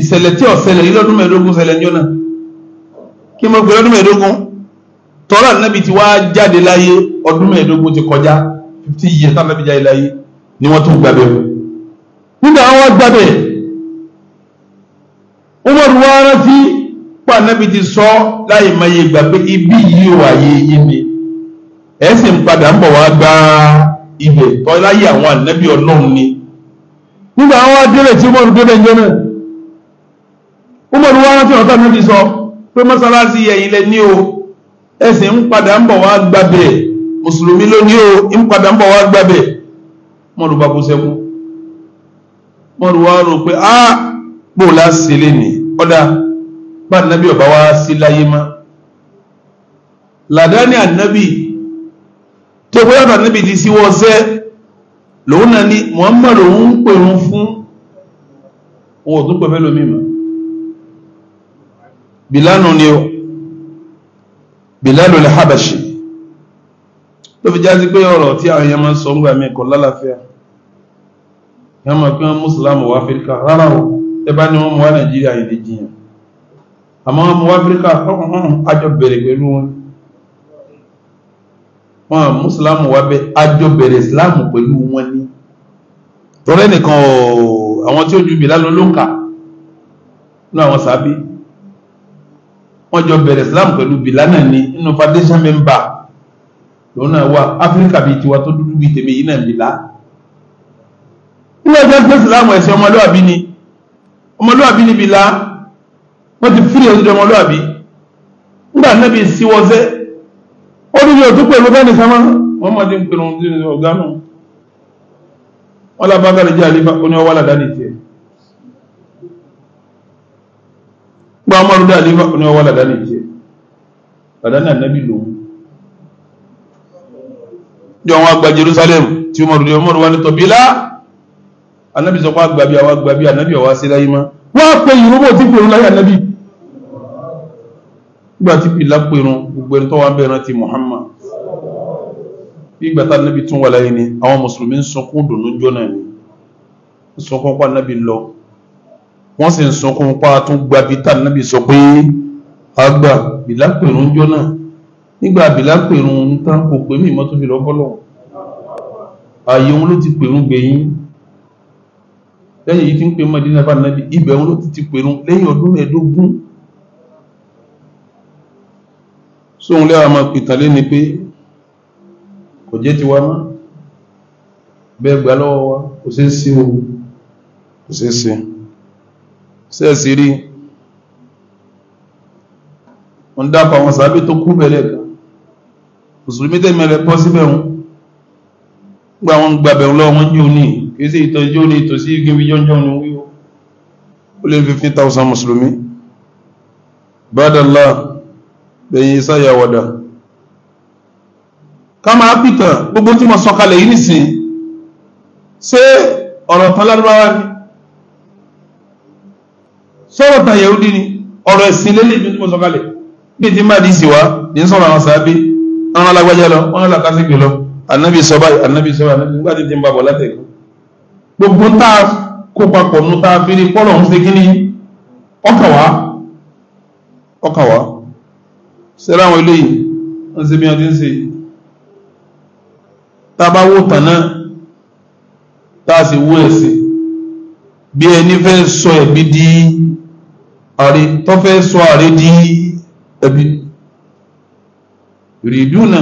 ìṣẹ̀lẹ̀ tí ó ṣẹlẹ̀ yìí lọ́dún mẹ́ẹ̀ẹ́dógún ṣẹlẹ̀ ní ọ̀nà kí mo pè lọ́dún mẹ́ẹ̀ẹ́dógún tọ́lá nàbì tí wàá jáde láyé ọdún mẹ́ẹ̀ẹ́dógún ti kọjá fifty years tá nàbì jáde láyé ni wọ́n tún gbàbẹ̀ nígbà àwọn agbábẹ̀ Umaru wá rántí pànàbí ti sọ láì mọye ìgbà pé ibi yìí wà yìí ni ẹ sì ń padà ń bọ̀ wá gba ibẹ̀ tọ́ láyé àwọn ànábì ọlọ́run ni nígbà tí Umaru dé lẹ́jọ́ náà Umaru wá rántí ọ̀tá náà sọ pé mọ́sálásí lẹ ní o ẹ sì ń padà ń bọ̀ wá gbàbẹ̀ mùsùlùmí ló o ń padà ń bọ̀ wá bóun lá sí lé ní ọ̀dà bá nàbí ọ̀bá wá sí láyé má làdáni ànábì tó bóyá ọ̀dà ànábì ti síwọ́ sẹ́ lòun náà ni Muhammad òun ń pè òun fún òun ò tún pè fẹ́ lómi mọ́ bìlánù ni ó bìlánù lè hábàṣì ló fi já sí pé ọ̀rọ̀ tí àwọn èèyàn máa ń sọ ń gbà mí kò lálàáfíà yàmà pé wọ́n mùsùlùmí wà áfíríkà rárá wọn tẹ́bá ní wọ́n mú wá nàìjíríà yìí lè jiyàn àmọ́ wọ́n mú wá áfíríkà ọkùnrin àjọ bẹ̀rẹ̀ pẹ̀lú wọn wọn mùsùlámù wá bẹ àjọ pẹ̀lú wọn ni tọ́rẹ́ nìkan àwọn tí ó ju bìlá lọ ló ń kà nínú àwọn sàábí wọ́n jọ bẹ̀rẹ̀ ìsìlámù pẹ̀lú bìlá náà ni nínú foundation member lòun náà áfíríkà bíi tiwa tó dúdú bíi tèmi yìí náà bìlá nígbà tí wọ́n gbé ìsìlámù ẹ̀sìn ọmọlúwàbí ni ọmọlúwàbí níbi la wọ́n ti fúri ọdún ọmọlúwàbí nígbà náà bí síwọ́sẹ́ ó ní bí òtún pẹ̀lú bẹ́ẹ̀ ní sámá wọ́n máa ti ń pèrò ní ọ̀gá náà wọ́n lá bá gàlejò àlífà ó ní ọwọ́ àlàdá ní tiẹ̀ gba ọmọ ọdún àlífà ó ní ọwọ́ àlàdá ní tiẹ̀ àlàdá ní ànábì lòun jọ wọn àgbà Jerusalem tí ọmọ ọdún wọn ni tọ̀bílá anábì sọ pé àgbàbí àwa àgbàbí anábì ọ̀wá sí láyé mọ́ wọ́n á pe ìrúbọ tí pèrún láyé anábì nígbà tí pìlá pèrún gbogbo ẹni tó wà bẹ̀rẹ̀ ti Muhammad bí ìgbà tá anábì tún wà láyé ni àwọn mùsùlùmí ń sunkún dùn lójú ọ̀nà ni ń sunkún pa anábì lọ wọ́n sì ń sunkún pa tún gba bí tá anábì sọ pé àgbà bìlá pèrún jọ náà nígbà bìlá pèrún ń tán kò pé mímọ́ tó fi lọ́ bọ́lọ̀ ààyè òun ló ti pèrún gbẹ̀yìn lẹ́yìn yìí tí ń pe Mádínà bá nàbí ibẹ̀ wọn ló ti ti pèrún lẹ́yìn ọdún ẹ̀ẹ́dógún sóhun lẹ́wà máa pìtàlé ni pé kò jẹ́ ti wá má bẹ́ẹ̀ gbà lọ́wọ́ wa kò ṣe é sí o kò ṣe é sí sẹ́ẹ̀sì rí wọ́n dápọ̀ àwọn tó kú bẹ̀rẹ̀ mùsùlùmí tẹ̀mẹ̀rẹ̀ bọ́ síbẹ̀ wọn gba wọn gba bẹ̀rún lọ́wọ́ wọn jò ní kìí sí ìtọ́jú ní ìtòsí gíbi jọ́njọ́ ní wíwọ́ ó lé 15,000 mùsùlùmí bádàlá bẹ̀yìn isáyàwọ̀dà ká máa pìtàn gbogbo tí mo sọ kalẹ̀ yìí nìsín ṣé ọ̀rọ̀ tán ni sọ̀rọ̀ tàn yẹ̀wúdí ni ọ̀rọ̀ ẹ̀sìn lélẹ̀ bí mo sọ kalẹ̀ bí ti anabi sọ báyìí anabi sọ báyìí nígbà tí ti ń bá bọ̀ látẹ̀kọ́ gbogbo tá a kó papọ̀ nù tá a fi rí pọ́lọ̀ ń ṣe kíní ọkàn wá ọkàn wá sẹ́rẹ́ àwọn eléyìí ń ṣe bí wọ́n ti ń ṣe tá a bá wò tán tá a sì wò ẹ̀sìn bí ẹni fẹ́ sọ ẹ̀bi di àrè tó fẹ́ sọ àrè di ẹ̀bi rìdúnà.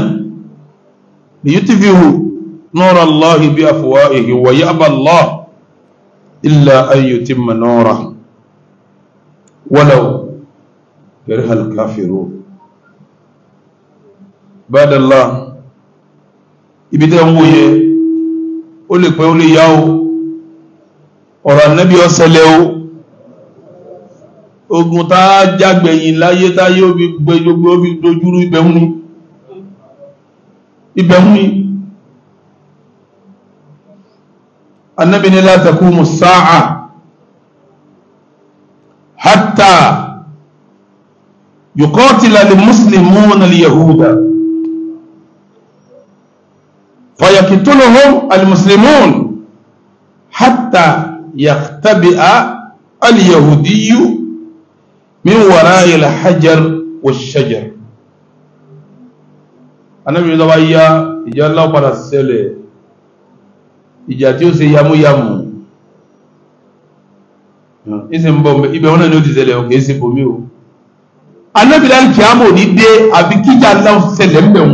ليتبعوا نور الله بأفواهه ويأبى الله إلا أن يتم نوره ولو كره الكافرون بعد الله ibi tẹ́ ń wòye ó lè pẹ́ ó lè yá o ọ̀rọ̀ ànábì ọ̀sẹ̀lẹ̀ o ogun tá a jágbẹ̀yìn láyé táyé ó fi gbẹ gbogbo ó fi dojúrú ibẹ̀ ń ìbẹ̀hún ni annabi ni la taqumu as-sa'a hatta yuqatila al-muslimuna al-yahuda fayaqtuluhum al-muslimun hatta yakhtabi'a al-yahudiyyu min wara'i al-hajar wash-shajar anábìrì lọ́wọ́ yá ìjà ńlá padà ṣẹlẹ̀ ìjà tí ó ṣe yamúyamù ìsìn bọ̀ ibẹ̀ wọn náà ni ó ti ṣẹlẹ̀ òkè é sì bomi o anábìrì àti àmọ́ òní dé àfi kíjà ńlá ṣẹlẹ̀ ń bẹ̀ wọn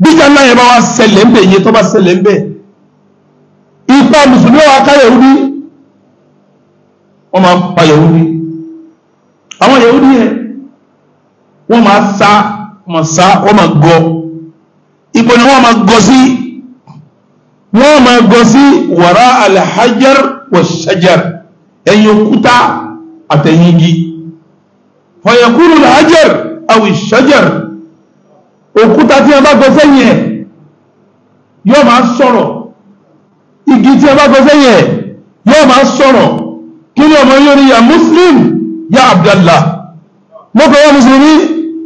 bíjà ńlá yẹn bá wá ṣẹlẹ̀ ń yẹn tó bá ṣẹlẹ̀ ń ipa mùsùlùmí wa ká yẹ̀wúdí wọ́n máa ń pa yẹ̀wúdí àwọn yẹ̀wúdí yẹn wọ́n máa sá ma sá wọ́n ma gọ ipò ni wọ́n ma gọ sí wọ́n ma gọ sí wàrá alhajar wa shajar ẹ̀yìn òkúta àtẹ̀yìngi fọyẹ̀kúrù alhajar awi shajar òkúta tí a bá gọ sẹ́yìn ẹ̀ yóò máa sọ̀rọ̀ igi tí a bá gọ sẹ́yìn ẹ̀ yóò máa sọ̀rọ̀ kí ni ọmọ yóò rí ya muslim ya abdallah mọ́kànlá musulmi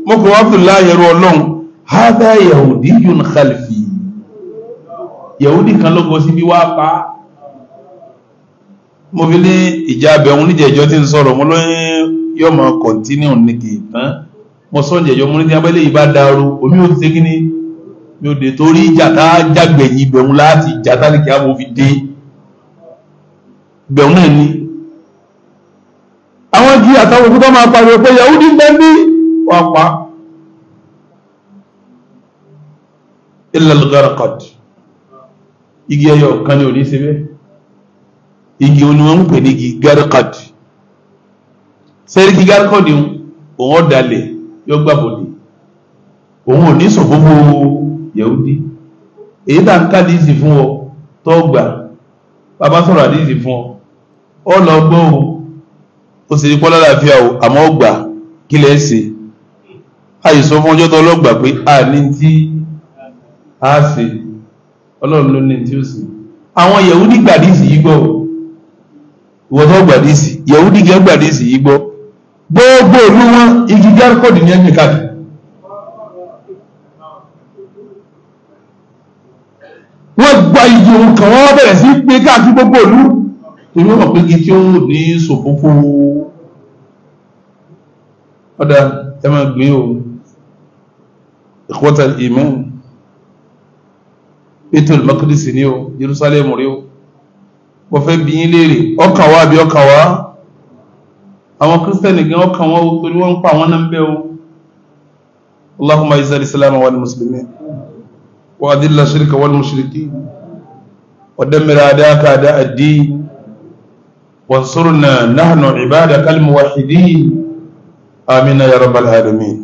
mo pè Abdullahi ẹrú ọlọ́run hádá yahudi yun khalfi yahudi kan ló gbọ́ síbi wá pa á mo fi ní ìjà abẹ́hùn níjẹ̀jọ́ tí ń sọ̀rọ̀ mo lóyún yóò máa kọ̀ntínú ní kì í tán mo sọ ìjẹ̀jọ́ mo ní ní abẹ́lé yìí bá dàrú omi ò ṣe kíní mi ò dé torí ìjà jágbẹ̀yìn ibẹ̀hùn láti ìjà tá ní fi dé ibẹ̀hùn náà ni. àwọn jí àtàwọn òkúta máa pariwo pé yahudi ń bẹ́ẹ̀ wọ́n pa ilẹ̀lgọ́rọ̀kọ̀d igi ẹyọ kan ní òní síbẹ̀ igi oní wọn ń pè ní igi gẹ́rọ̀kọ̀d sẹ́ríkì gẹ́rọ̀kọ̀d òun ọ̀dàlẹ̀ yóò gbàbọ̀dì òun ò ní sọ gbogbo yẹ̀wúdí èyí tá ń ká díìsì fún ọ tó gbà bàbá sọ̀rọ̀ àdíìsì fún ọ ọ lọ gbọ́ o ó sì rí pọ́lá làáfíà o àmọ́ ọgbà kí lẹ́ẹ̀ sèé àìsọ fún ọjọ́ tó ọlọ́gbà pé a ní tí a ṣe ọlọ́run ló ní tí ó sì àwọn yẹ̀wúdí gbàdísì yìí gbọ́ ìwọ̀tọ́ gbàdísì yẹ̀wúdí gẹ́ gbàdísì yìí gbọ́ gbogbo ìlú wọn igi gárkọ̀dì ní ẹ̀mí káàkiri wọ́n gba igi ohun kan wọ́n bẹ̀rẹ̀ sí pé káàkiri gbogbo ìlú torí wọ́n mọ̀ pé igi tí ó ní sòfófó ọ̀dà ẹ máa gbé ohun ìkọ́tà ìmẹ́rin ètò ìmọ̀kìdìsì ní o Jerusalem rí o wọ́n fẹ́ bí yín léèrè ọkàn wá àbí ọkàn wá àwọn kírísítẹ́nì gan ọkàn wọn o torí wọ́n ń pa àwọn náà ń bẹ́ o Allahumma izza al-islam wal muslimin wa adilla ash-shirka wal mushrikin wa dammir a'da'aka a'da' ad-din wansurna nahnu ibadaka al-muwahhidin amina ya rabbal alamin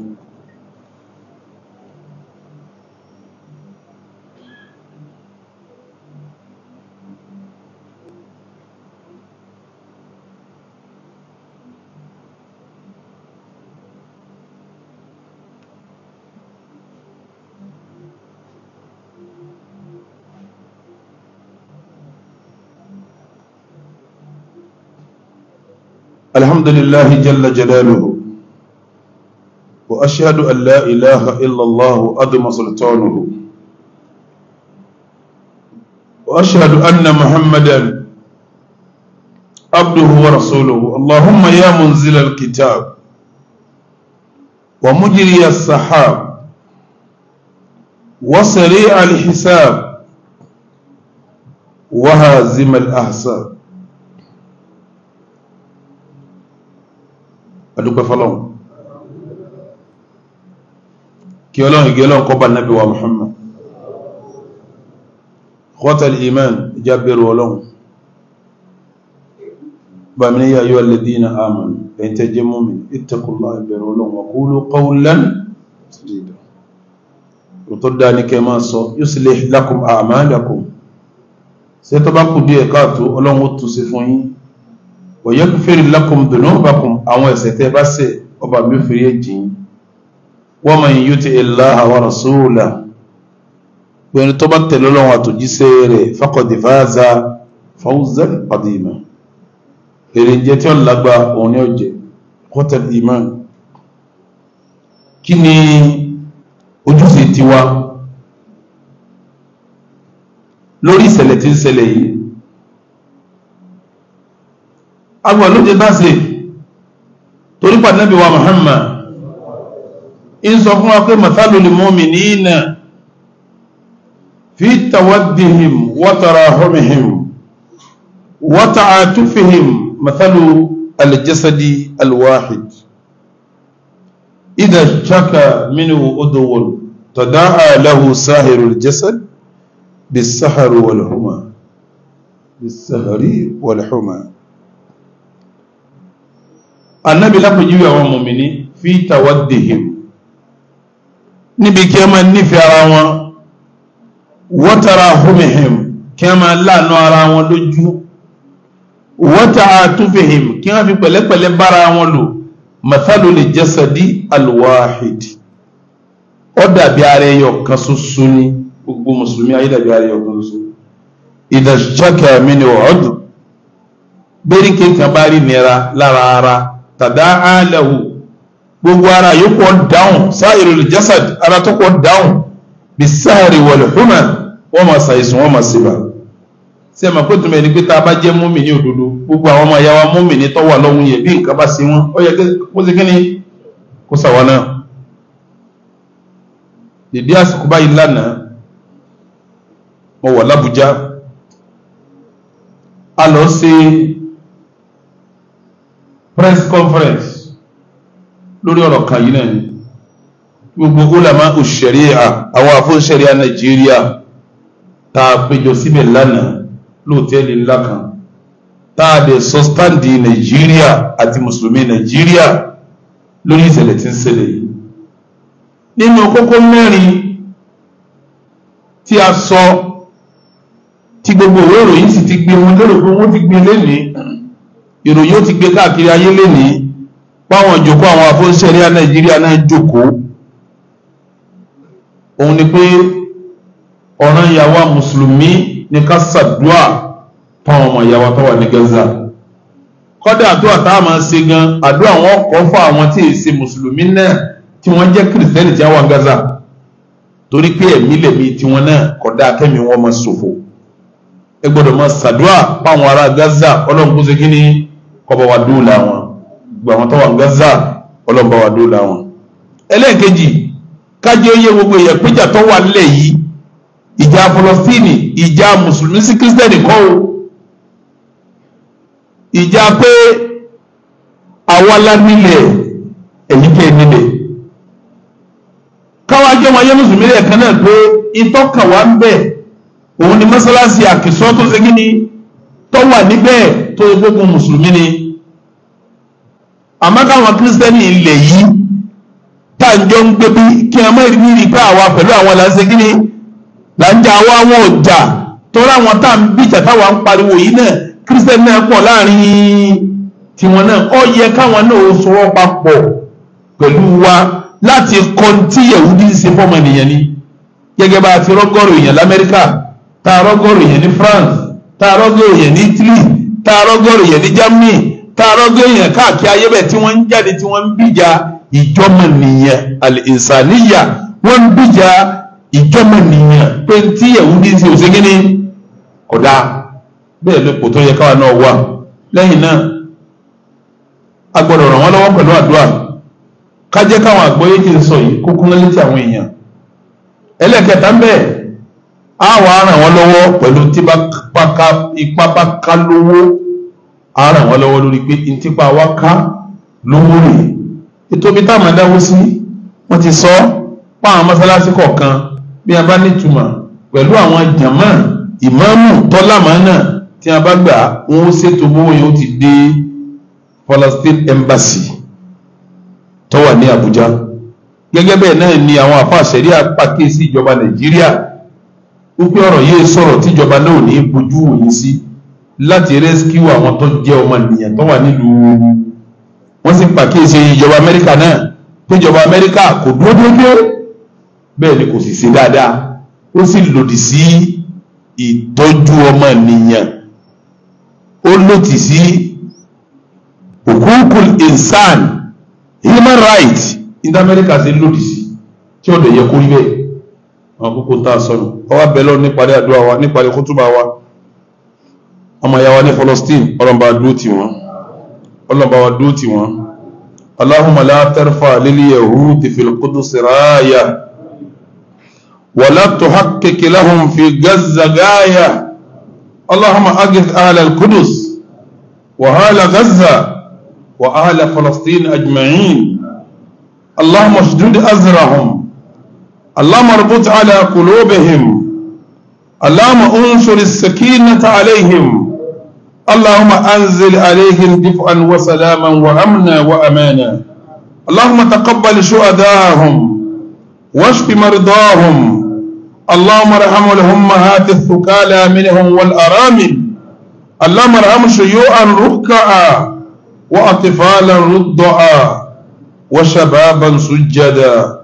الحمد لله جل جلاله وأشهد أن لا إله إلا الله أدم سلطانه وأشهد أن محمدا عبده ورسوله اللهم يا منزل الكتاب ومجري السحاب وسريع الحساب وهازم الأحساب adúpẹ́ fọ́lọ́run kí ọlọ́run ìgẹ́ ọlọ́run kọba nábi wa Muhammad kọ́tàl iman ìjá bẹ̀rù ọlọ́run bá mi níyà yíwa lèdínà àmàmì ẹ̀yìn tẹ́ jẹ́ mọ́mí ìtẹ́kùnlá ìbẹ̀rù ọlọ́run wa qulu qawlan sadida tó wa yaghfir lakum dhunubakum àwọn ẹ̀ṣẹ̀ tẹ́ bá ṣẹ̀ ọba mi fi yé jìn wa man yuti illaha wa rasulahu pẹ̀lú tó bá tẹ̀lé lọ́wọ́ àtòjíṣẹ́ rẹ̀ faqad faza fawzan adima èrè jẹ́ tí ó lágbá òun ni ó jẹ́ kọ́tẹ̀ iman kí ni ojúṣe tiwa lórí ìṣẹ̀lẹ̀ tí ń ṣẹlẹ̀ yìí àwọn olóòjẹ́ bá ṣe torí pàdé nàbí wa Muhammad in sọ fún wa pé mathalul mu'minina fi tawaddihim wa tarahumihim wa ta'atufihim mathalu al-jasadi al-wahid idha ishtaka minhu udwun tada'a lahu sahirul jasad bis-sahari wal-huma bis-sahari wal-huma anábì lápèjúwe àwọn mùmìnì fi tawaddihim níbi kí a máa nífẹ̀ẹ́ ara wọn wa tarahumihim kí a máa láàánú ara wọn lójú wa ta'atufihim kí a fi pẹ̀lẹ́pẹ̀lẹ́ bára wọn lò mathalu li jasadi alwahid ó dàbí ara ẹyọ kan ṣoṣo ni gbogbo mùsùlùmí ayé dàbí ara ẹyọ kan ṣoṣo idha shaka minhu udh bẹ́ẹ̀rì kéka bá rí nira lára ara tàdá àlẹ́hù gbogbo ara yòókù dáhùn sáìrì jasad ara tó kọ́ dáhùn bí sáàrì wal huma wọ́n máa ṣàìsùn wọ́n máa ṣìbà sí ẹ̀mọ̀ pé tùmọ̀ ẹni pé tá a bá jẹ́ múmi ní òdodo gbogbo àwọn ọmọ ìyá wa múmi ní tọ́wọ́ lọ́hùn yẹ bí nǹkan bá sí wọn ó yẹ kó ṣe kí kó ṣàwọn náà dèdè àsìkò báyìí lánàá mo wà lábújá a lọ ṣe press conference lórí ọ̀rọ̀ kan yìí náà ni gbogbo ulama òṣèríà àwọn àfóṣèríà nàìjíríà tá a péjọ síbẹ̀ lánàá lóòtẹ́ẹ̀lì ńlá kan tá a lè sọ stáǹdì nàìjíríà àti mùsùlùmí nàìjíríà lórí ìṣẹ̀lẹ̀ tí ń ṣẹlẹ̀ yìí nínú kókó mẹ́rin tí a sọ tí gbogbo òwe ìròyìn sì ti gbé wọn lérò pé wọ́n ti gbé lẹ́nìí ìròyìn ó ti gbé káàkiri ayé lénìí báwọn ìjòkó àwọn afọ́nsẹ́ríà nàìjíríà náà jòkó òun ni pé ọ̀ràn ìyàwó mùsùlùmí ní ká ṣàdúà fáwọn ọmọ ìyàwó tó wà ní Gaza kọ́dà àdúrà tá a máa ṣe gan àdúrà wọn kọ́ fún àwọn tí èyí ṣe mùsùlùmí náà tí wọ́n jẹ́ kìrìsìtẹ́nì tí wọ́n wà Gaza torí pé ẹ̀mí lèmi tiwọn náà kọ̀dá akẹ́mi wọn máa ṣòfò ẹ gbọ́dọ̀ máa ṣàdúà fáwọn ará Gaza ọlọ́run kó ṣe kí ni kọ́bọ̀ wa dóòlà wọn gbogbo àwọn Gaza ọlọ́run bá wa dóòlà wọn. ẹlẹ́ẹ̀kejì kájọ yẹ gbogbo èèyàn péjà tó wà nílẹ̀ yìí ìjà Fọlọ́sítìnì ìjà mùsùlùmí sí kírísítẹ́nì kọ́ o ìjà pé àwa la nílẹ̀ èyí tẹ́ nílẹ̀ káwa jẹ́ wọn ayé mùsùlùmí rẹ̀ kan náà pé ìtọ́kà ń bẹ òun ni mọ́sálásí àkìsọ́ tó ṣe kí ni tó wà níbẹ̀ tó gbogbo mùsùlùmí ni àmọ́ káwọn kírísítẹ́nì ilẹ̀ yìí tá à ń jọ ń gbé bí kí a má rí rí pé àwa pẹ̀lú àwọn là ń ṣe kíni là ń jà àwa àwọn ọjà tó láwọn tá à ń bìjà táwa ń pariwo yìí náà kírísítẹ́nì náà pọ̀ láàrin tiwọn náà ó yẹ káwọn náà ó sọ̀rọ̀ papọ̀ pẹ̀lú wa láti kọ́ tí yẹ̀wúdí ṣe fọ́mọ ènìyàn ni gẹ́gẹ́ bá a ti rọ́gọ́rò èèyàn lamẹ́ríkà tá a rọ́gọ́rò èèyàn ní France taarọ́gọ́ èèyàn ní Italy taarọ́gọ́ èèyàn ní Germany taarọ́gọ́ èèyàn káàkiri ayé tí wọ́n ń jáde tí wọ́n ń bíjà ìjọmọ nìyẹn àlìsàníyà wọ́n ń bíjà ìjọmọ nìyẹn pé tí Yahudi ní bẹ́ẹ̀ ló kò tó yẹ káwa náà wà lẹ́yìn náà ràn wọ́n lọ́wọ́ pẹ̀lú àdúrà ti sọ yìí á wà á ràn wọ́n lọ́wọ́ pẹ̀lú ipá bá ká lówó á ràn wọ́n lọ́wọ́ lórí pé ntípa wá ká lówó rè ètò ibi táwọn adáwó sí wọ́n ti sọ páwọn mọ́sálásí kọ̀ọ̀kan bí a bá nítumọ̀ pẹ̀lú àwọn jàmọ́ ìmáàmù tọ́lámánà tí a bá gbà wọn ó ṣètò owó yẹn ó ti dé Palestine embassy tó wà ní Abuja gẹ́gẹ́ bẹ́ẹ̀ náà ni àwọn àfa àṣẹríà pàkíyèsí ìjọba Nàìjíríà wípé ọ̀rọ̀ yìí sọ̀rọ̀ tíjọba náà ò ní bojú òyìn sí láti rẹ́síkíù àwọn tó jẹ́ ọmọ ènìyàn tó wà nílùú wọ́n sì pàkíyèsí ìjọba amẹ́ríkà náà péjọba amẹ́ríkà kò dúró déédéé bẹ́ẹ̀ ni kò sì ṣe dáadáa ó sì lòdì sí ìtọ́jú ọmọ ènìyàn ó lòdì sí òkúùkù insan human rights ní amẹ́ríkà ṣe lòdì sí tí ọ̀dọ̀ yẹ kó bẹ́ẹ̀ àwọn kókó tá a sọnù ọwọ́ abẹ́lẹ́ ọ̀hún níparí àdúrà wa níparí kútúbà wa ọmọ ìyá wa ní Palestine ọlọ́mọba dúró tì wọ́n ọlọ́mọba wa dúró tì wọ́n Allahumma la tarfa lil yahudi fil Quds raya wala tuhaqqik lahum fi Gaza gaya Allahumma aghith ahla al-Quds wa ahla Gaza wa ahla Palestine ajma'in Allahumma ashdud azrahum اللهم اربط على قلوبهم اللهم انشر السكينة عليهم اللهم أنزل عليهم دفئا وسلاما وأمنا وأمانا اللهم تقبل شهداءهم واشف مرضاهم اللهم ارحم الأمهات الثكالى منهم والأرامل اللهم ارحم شيوعا ركعا وأطفالا رضعا وشبابا سجدا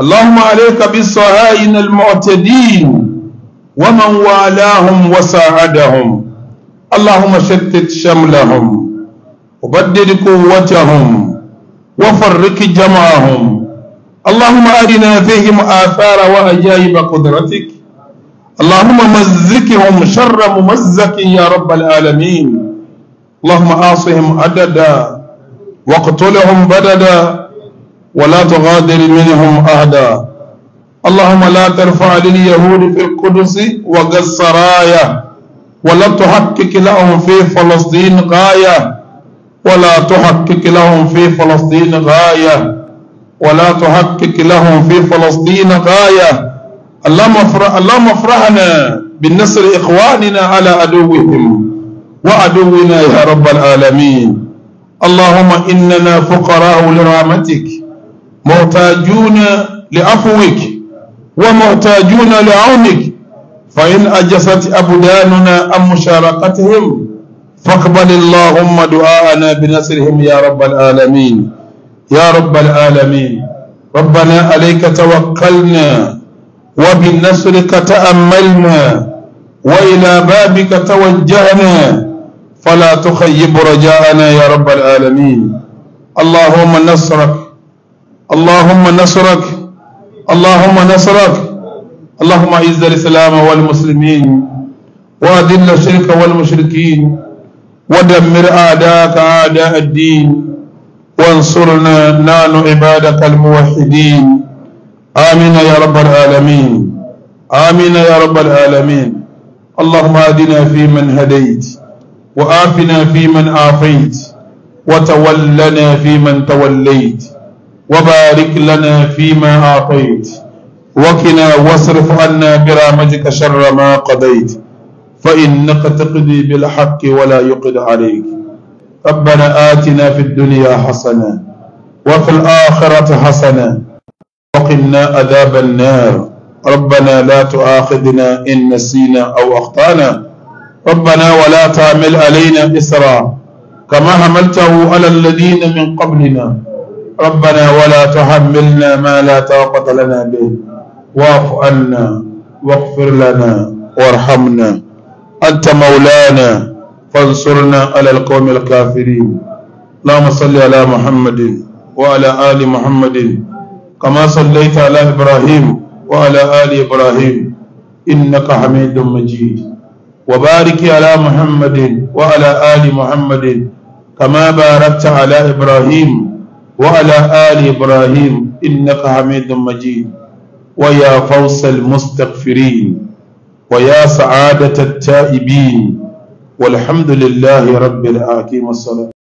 اللهم عليك بالصهاين المعتدين ومن والاهم وساعدهم اللهم شتت شملهم وبدد قوتهم وفرق جمعهم اللهم أرنا فيهم آثار وأجائب قدرتك اللهم مزكهم شر ممزك يا رب العالمين اللهم آصهم عددا واقتلهم بددا ولا تغادر منهم أهدا اللهم لا ترفع لليهود في القدس وقصرايا ولا تحقق لهم في فلسطين غاية ولا تحقق لهم في فلسطين غاية ولا تحقق لهم في فلسطين غاية اللهم اللهم افرحنا بالنصر إخواننا على عدوهم وعدونا يا رب العالمين اللهم إننا فقراء لرحمتك محتاجون لعفوك ومحتاجون لعونك فإن أجست أبداننا أم مشاركتهم فاقبل اللهم دعاءنا بنصرهم يا رب العالمين يا رب العالمين ربنا عليك توكلنا وبنصرك تأملنا وإلى بابك توجهنا فلا تخيب رجاءنا يا رب العالمين اللهم نصرك اللهم نصرك اللهم نصرك اللهم اعز الاسلام والمسلمين واذل الشرك والمشركين ودمر اعداءك اعداء الدين وانصرنا نان عبادك الموحدين امين يا رب العالمين امين يا رب العالمين اللهم اهدنا فيمن هديت وآفنا فيمن آفيت وتولنا فيمن توليت وبارك لنا فيما أعطيت وكنا واصرف عنا برامجك شر ما قضيت فإنك تقضي بالحق ولا يقضى عليك ربنا آتنا في الدنيا حسنة وفي الآخرة حسنة وقنا عذاب النار ربنا لا تؤاخذنا إن نسينا أو أخطأنا ربنا ولا تعمل علينا إسرا كما حملته على الذين من قبلنا ربنا ولا تحملنا ما لا طاقة لنا به واعف عنا واغفر لنا وارحمنا أنت مولانا فانصرنا على القوم الكافرين اللهم صل على محمد وعلى آل محمد كما صليت على إبراهيم وعلى آل إبراهيم إنك حميد مجيد وبارك على محمد وعلى آل محمد كما باركت على إبراهيم وعلى آل إبراهيم إنك حميد مجيد ويا فوز المستغفرين ويا سعادة التائبين والحمد لله رب العالمين والصلاة